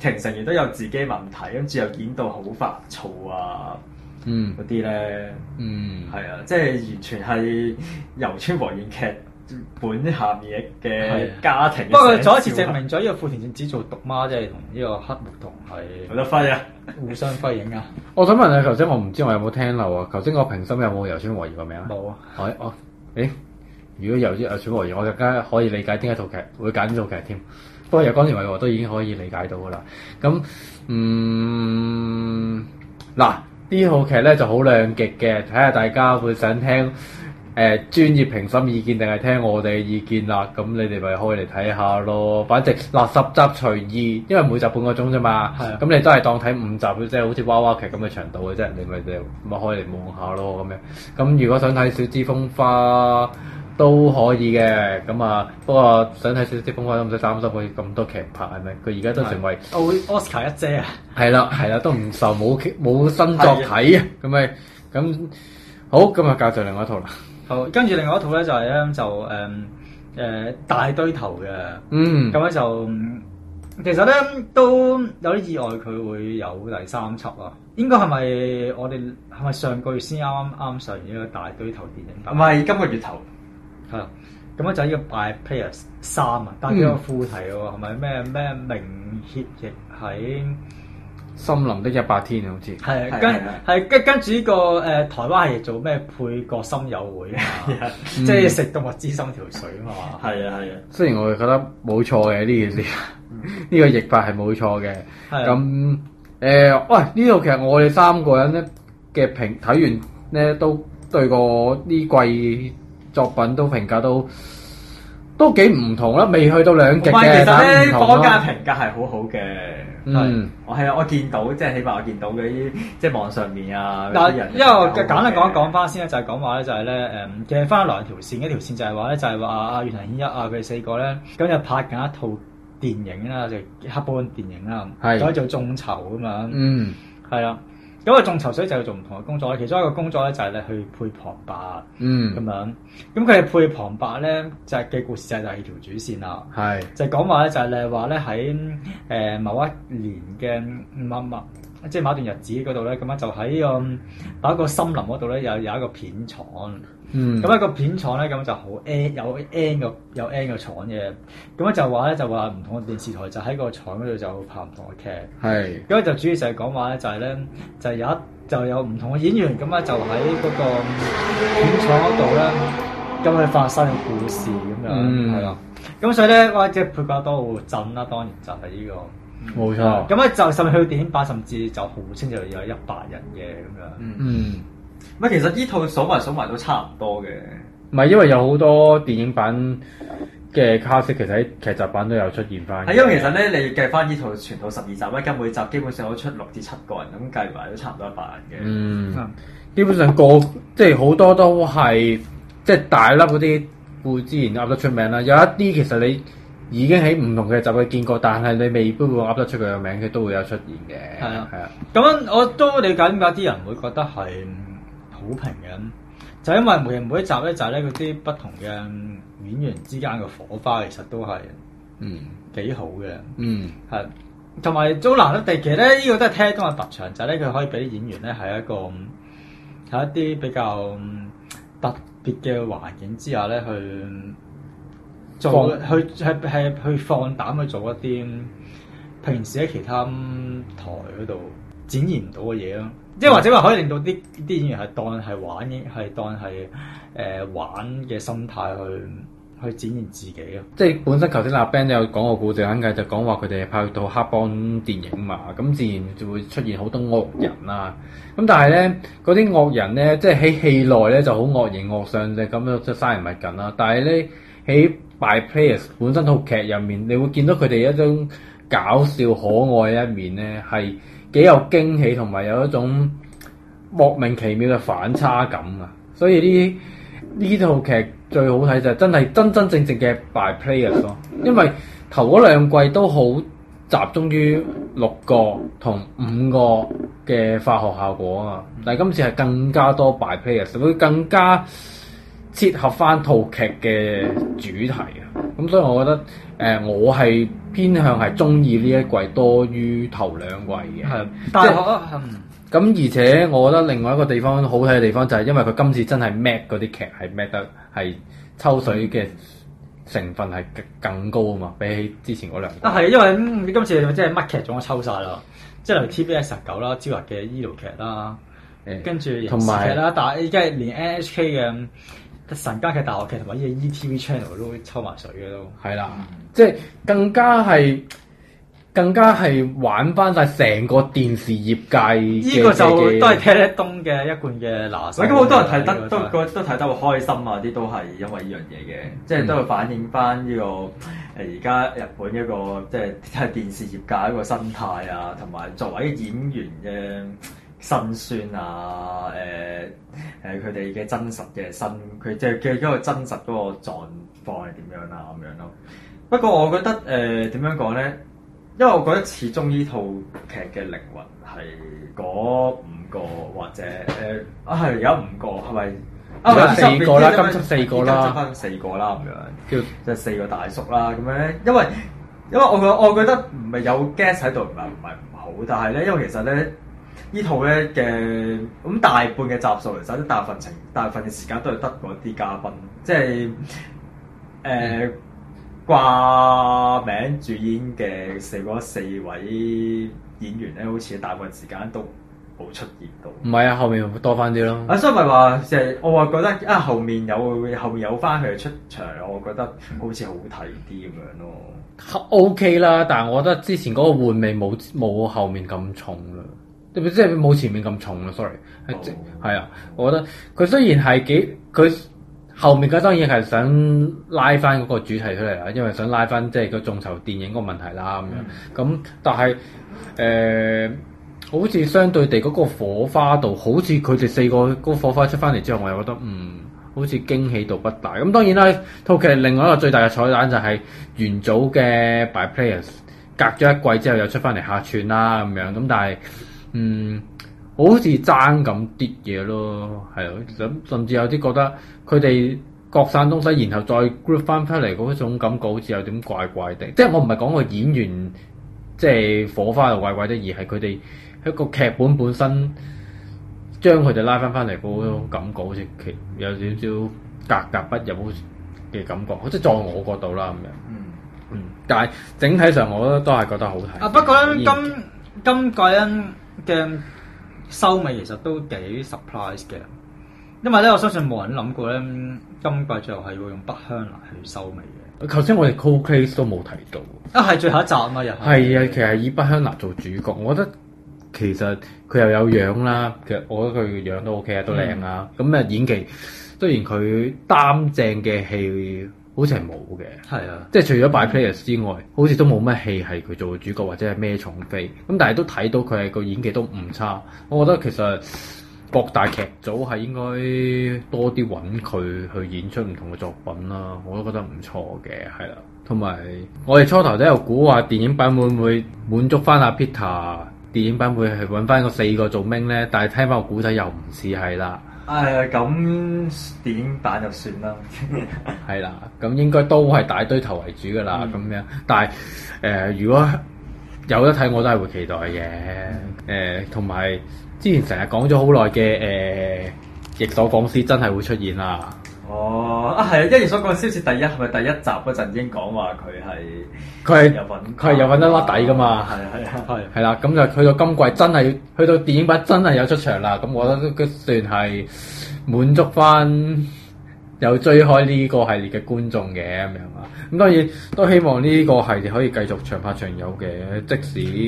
庭成員都有自己問題，跟住又演到好煩躁啊，嗯，嗰啲咧，嗯，係啊，即係完全係遊川和彥劇。本咸嘢嘅家庭，不過再一次證明咗呢個富田正子做毒媽，即係同呢個黑木瞳係互得益啊，互相輝映啊！ 我想問下頭先，我唔知我有冇聽漏啊？頭先我平心有冇遊川和彌個名啊？冇啊有！係我誒，如果遊川啊，川和彌，我就梗係可以理解呢一套劇會揀呢套劇添。不過由岡田惠和我都已經可以理解到噶啦。咁嗯嗱，呢套劇咧就好兩極嘅，睇下大家會想聽。誒專業評審意見定係聽我哋嘅意見啦，咁你哋咪開嚟睇下咯。反正嗱、啊、十集隨意，因為每集半個鐘啫嘛。係的。咁你都係當睇五集，即係好似娃娃劇咁嘅長度嘅啫。你咪就咪開嚟望下咯咁樣。咁如果想睇《小芝風花》都可以嘅。咁啊，不過想睇《小芝風花》都唔使擔心佢咁多劇拍係咪？佢而家都成為奧奧斯卡一姐啊。係啦係啦，都唔受冇冇新作睇啊。咁咪咁好，咁啊教就另外一套啦。好，跟住另外一套咧就係、是、咧就誒誒、嗯呃、大堆頭嘅，咁咧、嗯、就其實咧都有啲意外，佢會有第三輯啊，應該係咪我哋係咪上個月先啱啱上完一個大堆頭電影版？唔係今個月頭啊。咁咧就呢個《byplayers》三啊，帶呢個副題喎、啊，係咪咩咩名協亦喺？係森林的一百天好似係跟係跟跟住呢個誒、呃、台灣係做咩配角心友會嘅，即係食動物之心條水啊嘛。係啊係啊，雖然我覺得冇錯嘅呢件事，呢、嗯、個譯法係冇錯嘅。咁誒的、呃，喂呢度其實我哋三個人咧嘅評睇完咧都對個呢季作品都評價都。都幾唔同啦，未去到兩極其實咧，坊間評價係好好嘅。嗯，我係啊，我見到即係起碼我見到嘅啲即係網上面啊、嗯、因為簡單講一講翻先咧，就係、係、講話咧就係咧誒嘅翻兩條線，一條線就係話咧就係話啊啊遠藤憲一啊佢哋四個咧今日拍緊一套電影啦，就係、黑幫電影啦咁，所以係做眾籌咁樣。嗯，係啦。咁我眾籌水就係做唔同嘅工作，其中一個工作咧就係你去配旁白，嗯，咁樣，咁佢哋配旁白咧就係嘅故事就係第二條主線啦，係是 就講話咧就係你話咧喺誒某一年嘅某某，即係某一段日子嗰度咧，咁樣就喺個某一個森林嗰度咧有有一個片廠。嗯，咁一個片廠咧，咁就好 N 有 N 個有 N 個廠嘅，咁咧就話咧就話唔同嘅電視台就喺個廠嗰度就拍唔同嘅劇，係，咁咧就主要就係講話咧就係、是、咧就有一就有唔同嘅演員咁咧就喺嗰個片廠嗰度咧咁佢發生嘅故事咁樣，係咯、嗯，咁所以咧即係配角都好震啦，當然就係呢、這個，冇錯沒錯、嗯，咁咧就甚至去到電影版，甚至就號稱就有一百人嘅咁樣，嗯。嗯嗯。唔，其實呢套數埋數埋都差唔多嘅。唔係因為有好多電影版嘅卡色，其實喺劇集版都有出現翻。係因為其實咧，你計翻呢套全套十二集，咁每一集基本上都出六至七個人，咁計埋都差唔多一百人嘅。嗯，基本上個即係好多都係即係大粒嗰啲，固之然噏得出名啦。有一啲其實你已經喺唔同嘅集嘅見過，但係你未必會噏得出佢嘅名，佢都會有出現嘅。係啊，係啊。咁我都理解點解啲人會覺得係。好平嘅，就因為每每一集咧，就咧嗰啲不同嘅演員之間嘅火花其、嗯嗯，其實都係嗯幾好嘅，嗯係，同埋周南咧，其實咧呢個都係 TVB 嘅特長，就咧、是、佢可以俾啲演員咧係一個係一啲比較特別嘅環境之下咧去做放去係係去，去放膽去做一啲平時喺其他台嗰度展現唔到嘅嘢咯。即係或者話可以令到啲啲演員係當係玩嘅係當係、呃、玩嘅心態去去展現自己咯。即係本身頭先阿 Ben 有講個故事，梗係就講話佢哋拍一套黑幫電影嘛，咁自然就會出現好多惡人啦、啊。咁但係咧，嗰啲惡人咧，即係喺戲內咧就好惡形惡相就咁樣，即係生人勿近啦。但係咧喺 By Players 本身套劇入面，你會見到佢哋一種搞笑可愛一面咧，係。幾有驚喜同埋有一種莫名其妙嘅反差感啊！所以呢呢套劇最好睇就係真係真真正正嘅 byplayers 咯。因為頭嗰兩季都好集中於六個同五個嘅化學效果啊，但係今次係更加多 byplayers，會更加切合翻套劇嘅主題啊！咁、嗯、所以我覺得。誒，我係偏向係中意呢一季多於頭兩季嘅，係、啊，即係咁。嗯、而且我覺得另外一個地方好睇嘅地方就係，因為佢今次真係 match 嗰啲劇係 match 得係抽水嘅成分係更更高啊嘛，比起之前嗰兩季。啊，係，因為咁今次即係乜劇種都抽晒啦，即係例如 TBS 十九啦、朝日嘅醫療劇啦，誒、嗯，跟住同埋啦，但係而家連 NHK 嘅。神家嘅大學劇同埋呢個 ETV channel 都抽埋水嘅都，係啦，即係更加係更加係玩翻晒，成個電視業界呢個就都係 Tele 東嘅一貫嘅嗱，喂咁好多人睇得都覺都睇得開心啊！啲都係因為依樣嘢嘅，即係都反映翻、這、呢個誒而家日本一、這個即係、就是、電視業界一個心態啊，同埋作為演員嘅。辛酸啊！誒、呃、誒，佢哋嘅真實嘅辛，佢即係佢嗰個真實嗰個狀況係點樣啊？咁樣咯、啊。不過我覺得誒點、呃、樣講咧？因為我覺得始終呢套劇嘅靈魂係嗰五個或者誒、呃、啊係有五個係咪啊？四個啦、啊，今集四個啦，加四個啦咁樣叫即係四個大叔啦咁樣、啊。因為因為我我覺得唔係有 gas 喺度唔係唔係唔好，但係咧因為其實咧。呢套咧嘅咁大半嘅集數嚟，甚至大份情，大份嘅時間都係得嗰啲嘉賓，即係誒掛名主演嘅四個四位演員咧，好似大部分時間都冇出現到。唔係啊，後面會多翻啲咯。啊，所以咪話，即係我話覺得啊，後面有後面有翻佢出場，我覺得好似好睇啲咁樣咯。OK 啦，但係我覺得之前嗰個換味冇冇後面咁重啦。即係冇前面咁重啊？sorry，係啊、oh.，我覺得佢雖然係幾佢後面嘅當然係想拉翻嗰個主題出嚟啦，因為想拉翻即係個眾籌電影個問題啦咁、mm. 樣。咁但係誒、呃，好似相對地嗰個火花度，好似佢哋四個個火花出翻嚟之後，我又覺得嗯，好似驚喜度不大。咁、嗯、當然啦，套劇另外一個最大嘅彩蛋就係元祖嘅 By Players 隔咗一季之後又出翻嚟客串啦咁樣。咁但係，嗯，好似爭咁啲嘢咯，係啊，甚至有啲覺得佢哋各散東西，然後再 group 翻翻嚟嗰種感覺，好似有點怪怪哋。即係我唔係講個演員即係火花又怪怪哋，而係佢哋一個劇本本身將佢哋拉翻翻嚟嗰種感覺，好似奇有少少格格不入嘅感覺。好似在我角度啦，咁樣。嗯嗯，但係整體上我覺得都係覺得好睇。啊，啊不過今今季咧～金嘅收尾其實都幾 surprise 嘅，因為咧我相信冇人諗過咧，今季最後就係會用北香蘭去收尾嘅。頭先我哋 Cold Case 都冇提到。啊，係最後一集啊嘛，又係。係啊，其實以北香蘭做主角，我覺得其實佢又有樣啦，其實我覺得佢嘅樣都 OK 都啊，都靚啊。咁啊，演技雖然佢擔正嘅戲。好似係冇嘅，係啊的，即係除咗《byplayers》之外，好似都冇咩戲係佢做主角或者係咩重妃。咁但係都睇到佢係個演技都唔差。我覺得其實各大劇組係應該多啲揾佢去演出唔同嘅作品啦。我都覺得唔錯嘅，係啦。同埋我哋初頭都有估話電影版會唔會滿足翻阿 Peter？電影版會係揾翻個四個做名呢？但係聽翻個故仔又唔似係啦。誒咁點辦就算啦，係 啦，咁應該都係大堆頭為主噶啦，咁樣、嗯。但係誒、呃，如果有得睇，我都係會期待嘅。誒、嗯，同埋、呃、之前成日講咗好耐嘅誒役所講師真係會出現啦。哦，啊係啊，一如所講，《消失第一》係咪第一集嗰陣已經講話佢係佢係佢係有份得屈底噶嘛？係係係係啦，咁就去到今季真係去到電影版真係有出場啦。咁、嗯、我覺得都算係滿足翻有追開呢個系列嘅觀眾嘅咁樣啊。咁當然都希望呢個系列可以繼續長拍長有嘅，嗯、即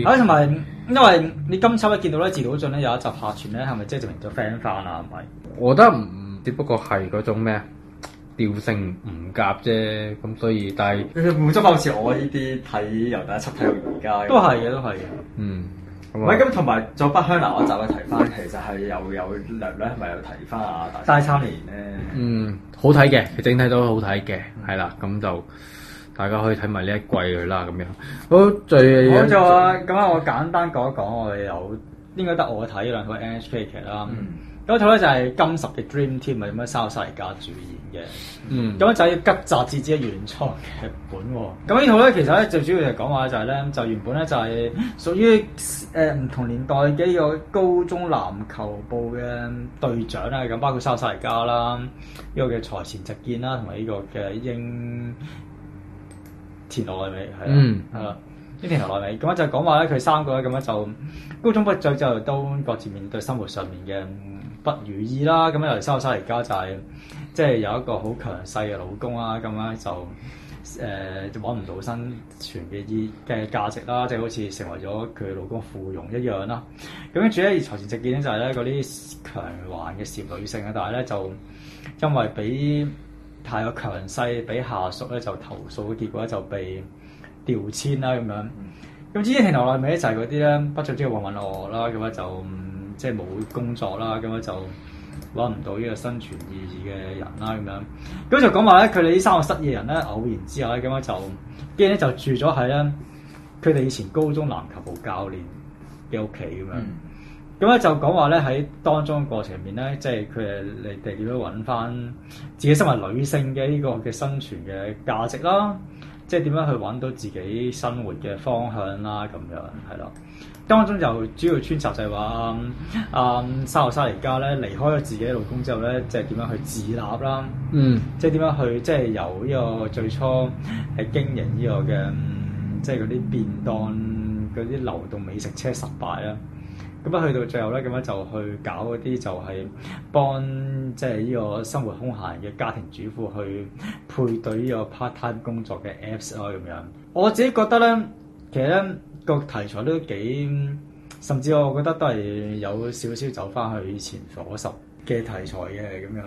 使啊，同埋、哎、因為你今秋咧見到咧《智導進》咧有一集客串咧，係咪即係證明咗 friend 翻啊？係咪？我覺得唔，只不過係嗰種咩調性唔夾啫，咁所以但係，冇咗好似我呢啲睇由第一輯睇到而家，都係嘅，都係嘅，嗯。喂、嗯，咁同埋再北香嗱，我就佢提翻，其實係又有量咧，係咪又提翻啊？第三年咧，嗯，好睇嘅，佢整體都好睇嘅，係啦、嗯，咁就大家可以睇埋呢一季佢啦，咁樣。好，最，咁啊，最我簡單講一講，我哋有應該得我睇兩套 N H K 劇啦。嗯嗯。嗰套咧就係《金十嘅《Dream Team》，咪有咩沙世加主演嘅？咁咧、嗯、就要吉澤治之嘅原創劇本。咁呢套咧其實咧最主要就講話就係咧，就原本咧就係屬於誒唔同年代嘅一個高中籃球部嘅隊長啦。咁包括沙世加啦，呢個嘅財前直見啦，同埋呢個嘅英田內美係啦，英、嗯啊、田內美咁咧就講話咧佢三個咧咁咧就高中畢咗就都各自面對生活上面嘅。不如意啦，咁樣又收收而家就係即係有一個好強勢嘅老公啦。咁樣就誒揾唔到生存嘅依嘅價值啦，即係好似成為咗佢老公附庸一樣啦。咁樣仲咧，財前直見就係咧嗰啲強橫嘅涉女性啊，但係咧就因為俾太過強勢，俾下屬咧就投訴嘅結果就被調遷啦咁樣。咁至於後來咪就係嗰啲咧不著之而混混噩噩啦，咁樣就。即係冇工作啦，咁樣就揾唔到呢個生存意義嘅人啦，咁樣，咁就講話咧，佢哋呢三個失業人咧，偶然之下咧，咁樣就，跟住咧就住咗喺咧，佢哋以前高中籃球部教練嘅屋企咁樣，咁咧就講話咧喺當中過程入面咧，即係佢哋嚟哋點樣揾翻自己身為女性嘅呢個嘅生存嘅價值啦，即係點樣去揾到自己生活嘅方向啦，咁樣係咯。當中就主要穿插就係話啊，沙羅而家咧離開咗自己老公之後咧，即係點樣去自立啦？嗯，即係點樣去即係由呢個最初係經營呢、呢個嘅，嗯、即係嗰啲便當嗰啲流動美食車失敗啦。咁樣去到最後咧，咁樣就去搞嗰啲就係幫即係呢個生活空閒嘅家庭主婦去配對呢個 part time 工作嘅 apps 啦，咁樣。我自己覺得咧，其實咧。個題材都幾，甚至我覺得都係有少少走翻去以前火十嘅題材嘅咁樣。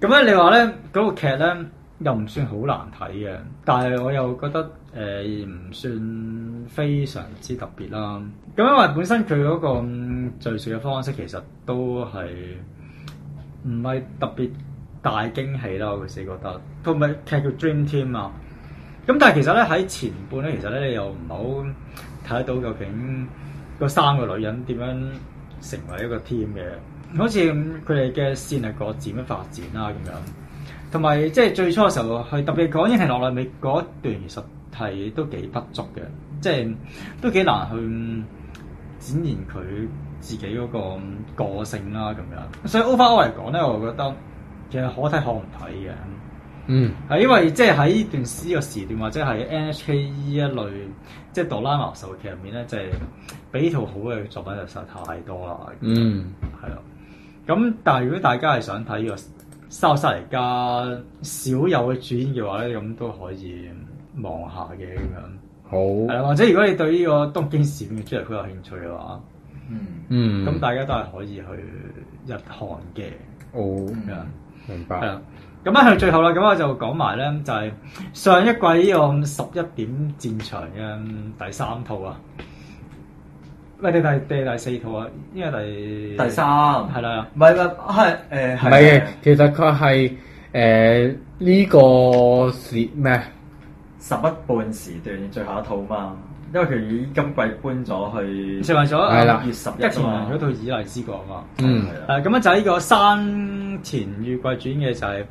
咁咧，你話咧嗰個劇咧又唔算好難睇嘅，但係我又覺得誒唔、呃、算非常之特別啦。咁因為本身佢嗰個敍述嘅方式其實都係唔係特別大驚喜啦，我自己覺得同埋劇叫 Dream Team 啊。咁但係其實咧喺前半咧，其實咧你又唔好。睇到究竟嗰三個女人點樣成為一個 team 嘅，好似佢哋嘅線係各自點發展啦、啊、咁樣，同埋即係最初嘅時候去特別講英提落來美嗰一段其實係都幾不足嘅，即係都幾難去展現佢自己嗰個個性啦、啊、咁樣。所以 overall 嚟講呢，我覺得其實可睇可唔睇嘅。嗯，係因為即係喺呢段呢個時段或者係 NHK 依一類，即係哆啦 A 夢嘅劇入面咧，就係俾套好嘅作品，實在太多啦。嗯，係咯。咁但係如果大家係想睇呢個收失而家少有嘅主演嘅話咧，咁都可以望下嘅咁樣。好。係啦，或者如果你對呢個東京閃嘅主題曲有興趣嘅話，嗯嗯，咁、嗯、大家都係可以去日韓嘅。哦，的明白。係啊。咁啊，最後啦，咁我就講埋咧，就係、是、上一季呢，我十一點戰場嘅第三套啊，唔係第第第，第四套啊，應該係第三，係啦的，唔係啦，係誒，唔係嘅，其實佢係誒呢個時咩十一半時段最後一套啊嘛。因為佢今季搬咗去成為了，食埋咗，係啦，一前年嗰套《以利之國》嘛，嗯，係啦、啊，咁樣就係呢個山田裕貴主演嘅、就是，就係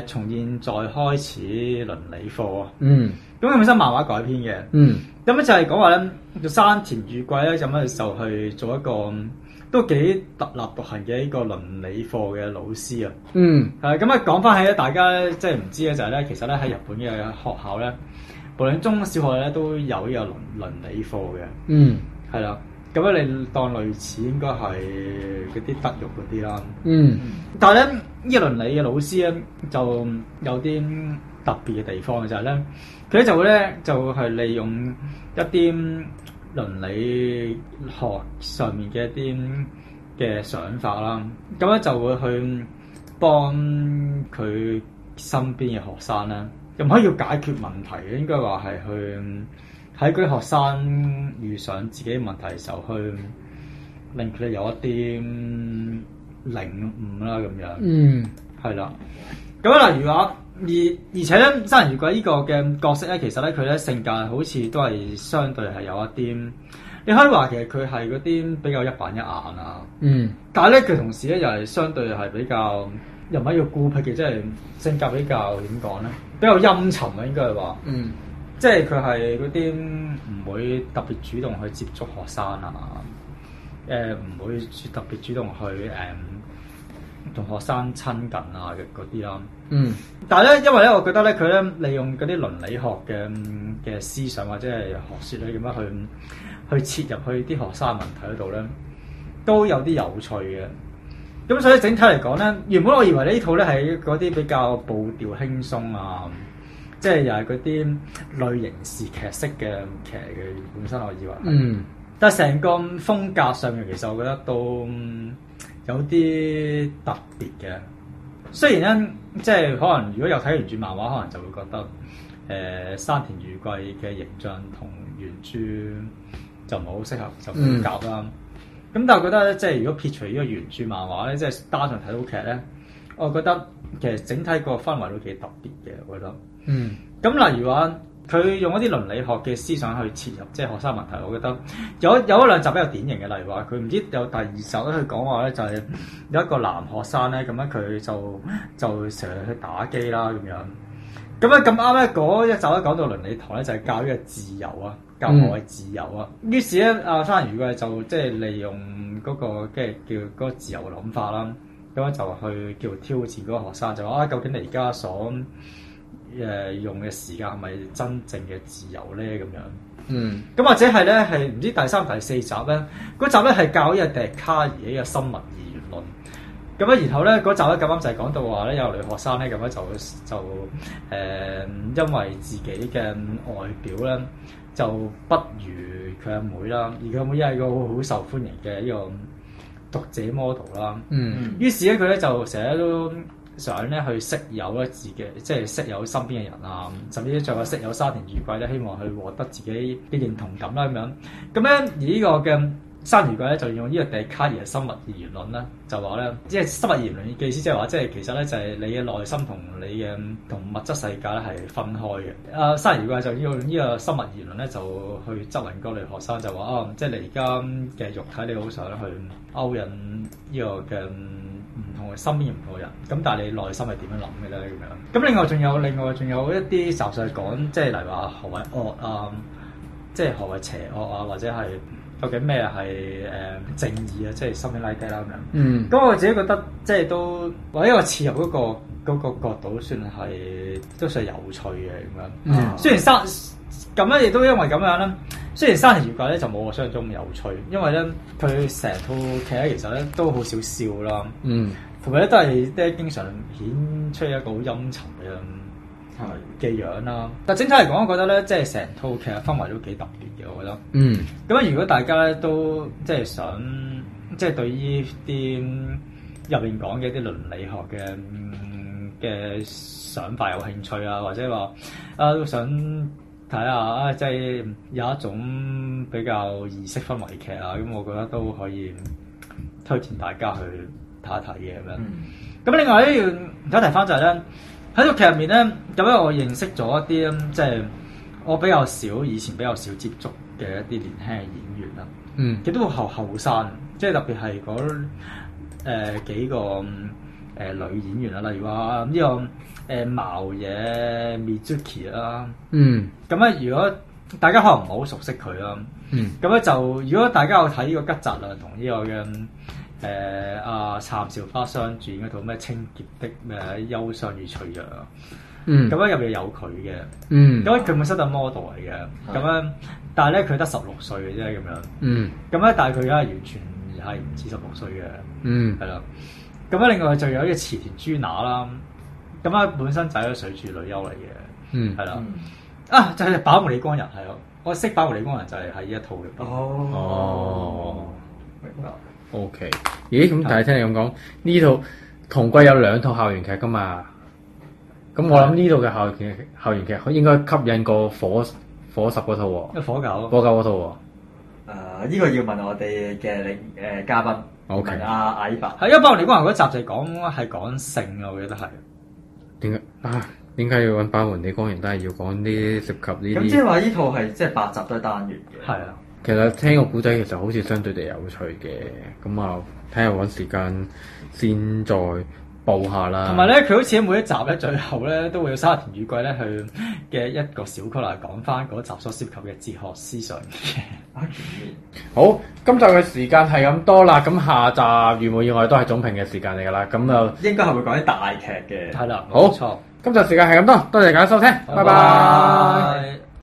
誒從現在開始倫理課啊，嗯，咁佢本身漫畫改編嘅，嗯，咁樣、嗯、就係講話咧，山田裕貴咧，就咁樣就去做一個都幾特立獨行嘅一個倫理課嘅老師、嗯、啊，嗯，誒，咁樣講翻起咧，大家咧即係唔知嘅就係咧，其實咧喺日本嘅學校咧。嗯無論中小學咧都有呢個倫倫理課嘅，嗯，係啦，咁咧你當類似應該係嗰啲德育嗰啲啦，嗯，但係咧呢個倫理嘅老師咧就有啲特別嘅地方嘅就係咧，佢咧就會咧就係利用一啲倫理學上面嘅一啲嘅想法啦，咁咧就會去幫佢身邊嘅學生啦。又唔可以要解決問題嘅，應該話係去喺嗰啲學生遇上自己嘅問題嘅時候去，去令佢哋有一啲領悟啦咁樣。嗯，係啦。咁啊，例如話，而而且咧，三人魚怪呢個嘅角色咧，其實咧，佢咧性格好似都係相對係有一啲，你可以話其實佢係嗰啲比較一板一眼啊。嗯，但呢。但係咧，佢同時咧又係相對係比較。又唔係要孤僻嘅，即係性格比較點講咧？比較陰沉啊，應該係話，嗯、即係佢係嗰啲唔會特別主動去接觸學生啊，誒、呃、唔會特別主動去誒同、呃、學生親近啊嗰啲啊。嗯。但係咧，因為咧，我覺得咧，佢咧利用嗰啲倫理學嘅嘅思想或者係學説咧，咁樣去去切入去啲學生問題嗰度咧，都有啲有趣嘅。咁所以整體嚟講咧，原本我以為呢套咧係嗰啲比較步調輕鬆啊，即係又係嗰啲類型是劇式嘅劇嘅本身，我以為。嗯。但係成個風格上面，其實我覺得都有啲特別嘅。雖然咧，即係可能如果有睇完轉漫畫，可能就會覺得，誒、呃，山田裕貴嘅形象同原著就唔係好適合，就唔夾得啱。嗯。咁但係我覺得咧，即係如果撇除呢個原著漫畫咧，即係單純睇到劇咧，我覺得其實整體個氛圍都幾特別嘅，我覺得。嗯。咁例如話，佢用一啲倫理學嘅思想去切入，即係學生問題。我覺得有有一兩集比較典型嘅，例如話佢唔知有第二集咧，佢講話咧就係、是、有一個男學生咧，咁樣佢就就成日去打機啦咁樣。咁咧咁啱咧，嗰一集咧講到倫理堂咧，就係、是、教育嘅自由啊！教自由啊，於是咧，阿沙如慧就即係、就是、利用嗰、那個即係叫嗰個自由嘅諗法啦，咁咧就去叫挑戰嗰個學生，就話啊，究竟你而家所誒、呃、用嘅時間係咪真正嘅自由咧？咁樣，嗯，咁或者係咧係唔知第三第四集咧，嗰集咧係教一笛卡兒嘅心物二元論，咁咧然後咧嗰集咧咁啱就係講到話咧有女學生咧咁咧就就誒、呃、因為自己嘅外表咧。就不如佢阿妹啦，而佢阿妹一係個好好受歡迎嘅呢個讀者 model 啦。嗯，於是咧佢咧就成日都想咧去識有咧自己，即係識有身邊嘅人啊，甚至於再話識有沙田魚桂咧，希望去獲得自己啲認同感啦咁樣。咁咧而呢個嘅。山田裕貴咧就用呢個笛卡兒嘅生物言論啦，就話咧，即係生物言論嘅意思，就是，即係話，即係其實咧就係、是、你嘅內心同你嘅同物質世界咧係分開嘅。啊，山田裕貴就用呢個生物言論咧，就去質問嗰類學生，就話啊，即係你而家嘅肉體你好想去勾引呢個嘅唔同嘅心意唔同嘅人，咁但係你內心係點樣諗嘅咧？咁樣。咁另外仲有，另外仲有一啲雜碎講，即係例如話何謂惡啊，即係何謂邪惡啊，或者係。究竟咩係誒正義啊？即係心理拉低啦咁樣。嗯，咁我自己覺得即係都，或者我切入嗰、嗰個嗰個角度算，算係都算有趣嘅咁、嗯啊、樣。嗯，雖然三咁樣亦都因為咁樣啦。雖然三十二集咧就冇我想象中咁有趣，因為咧佢成套劇咧其實咧都好少笑啦。嗯，同埋咧都係咧經常顯出一個好陰沉嘅。係嘅樣啦、啊，但整體嚟講，我覺得咧，即係成套劇嘅氛圍都幾特別嘅，我覺得。嗯，咁啊，如果大家咧都即係想，即係對於啲入面講嘅一啲倫理學嘅嘅、嗯、想法有興趣啊，或者話啊都想睇下，即係有一種比較異色氛圍嘅劇啊，咁我覺得都可以推薦大家去睇一睇嘅咁樣。咁、嗯、另外一咧，再提翻就係咧。喺套劇入面咧，咁樣我認識咗一啲，即係我比較少以前比較少接觸嘅一啲年輕嘅演員啦。嗯，亦都好後生，即係特別係嗰誒幾個、呃、女演員啦，例如話呢、這個誒、呃、茅野 Mizuki 啦。Miz uki，嗯，咁咧如果大家可能唔係好熟悉佢啦。嗯，咁咧就如果大家有睇呢個吉澤啦，同呢個嘅。誒啊！呃，杉咲花主演嗰套咩清潔的咩憂傷與脆弱，嗯，咁樣入面有佢嘅，嗯，咁佢本身係 model 嚟嘅，咁樣的，但係咧佢得十六歲嘅啫咁樣，嗯，咁咧但係佢而家係完全係唔止十六歲嘅，嗯，係啦，咁咧另外就有一個池田朱那啦，咁咧本身就係個水柱女優嚟嘅，嗯，係啦，啊就係、是《百無理光人》，係咯，我識《百無理光人》就係喺呢一套入邊，哦，哦，哦明白。O、okay, K，咦咁？但係聽你咁講，呢套同季有兩套校園劇㗎嘛？咁我諗呢套嘅校園劇、校園劇應該吸引過火火十嗰套喎。一火九。火九嗰套喎。呢、uh, 個要問我哋嘅領誒嘉賓 OK 阿矮伯。係 Okay. 因為包文彌光華嗰集就係講係講性啊，我記得係。點解啊？點解要搵包文彌光華？都係要講啲涉及呢啲、嗯。即係話呢套係即係八集都係單元嘅。係啊。其實聽個古仔其實好似相對地有趣嘅，咁啊睇下揾時間先再報下啦。同埋咧，佢好似每一集咧最後咧都會有沙田雨季咧去嘅一個小區嚟講翻嗰集所涉及嘅哲學思想 好，今集嘅時間係咁多啦，咁下集如冇意外都係總評嘅時間嚟㗎啦，咁就應該係會講啲大劇嘅。係啦，好，今集時間係咁多，多謝大家收聽，拜拜。拜拜拜拜。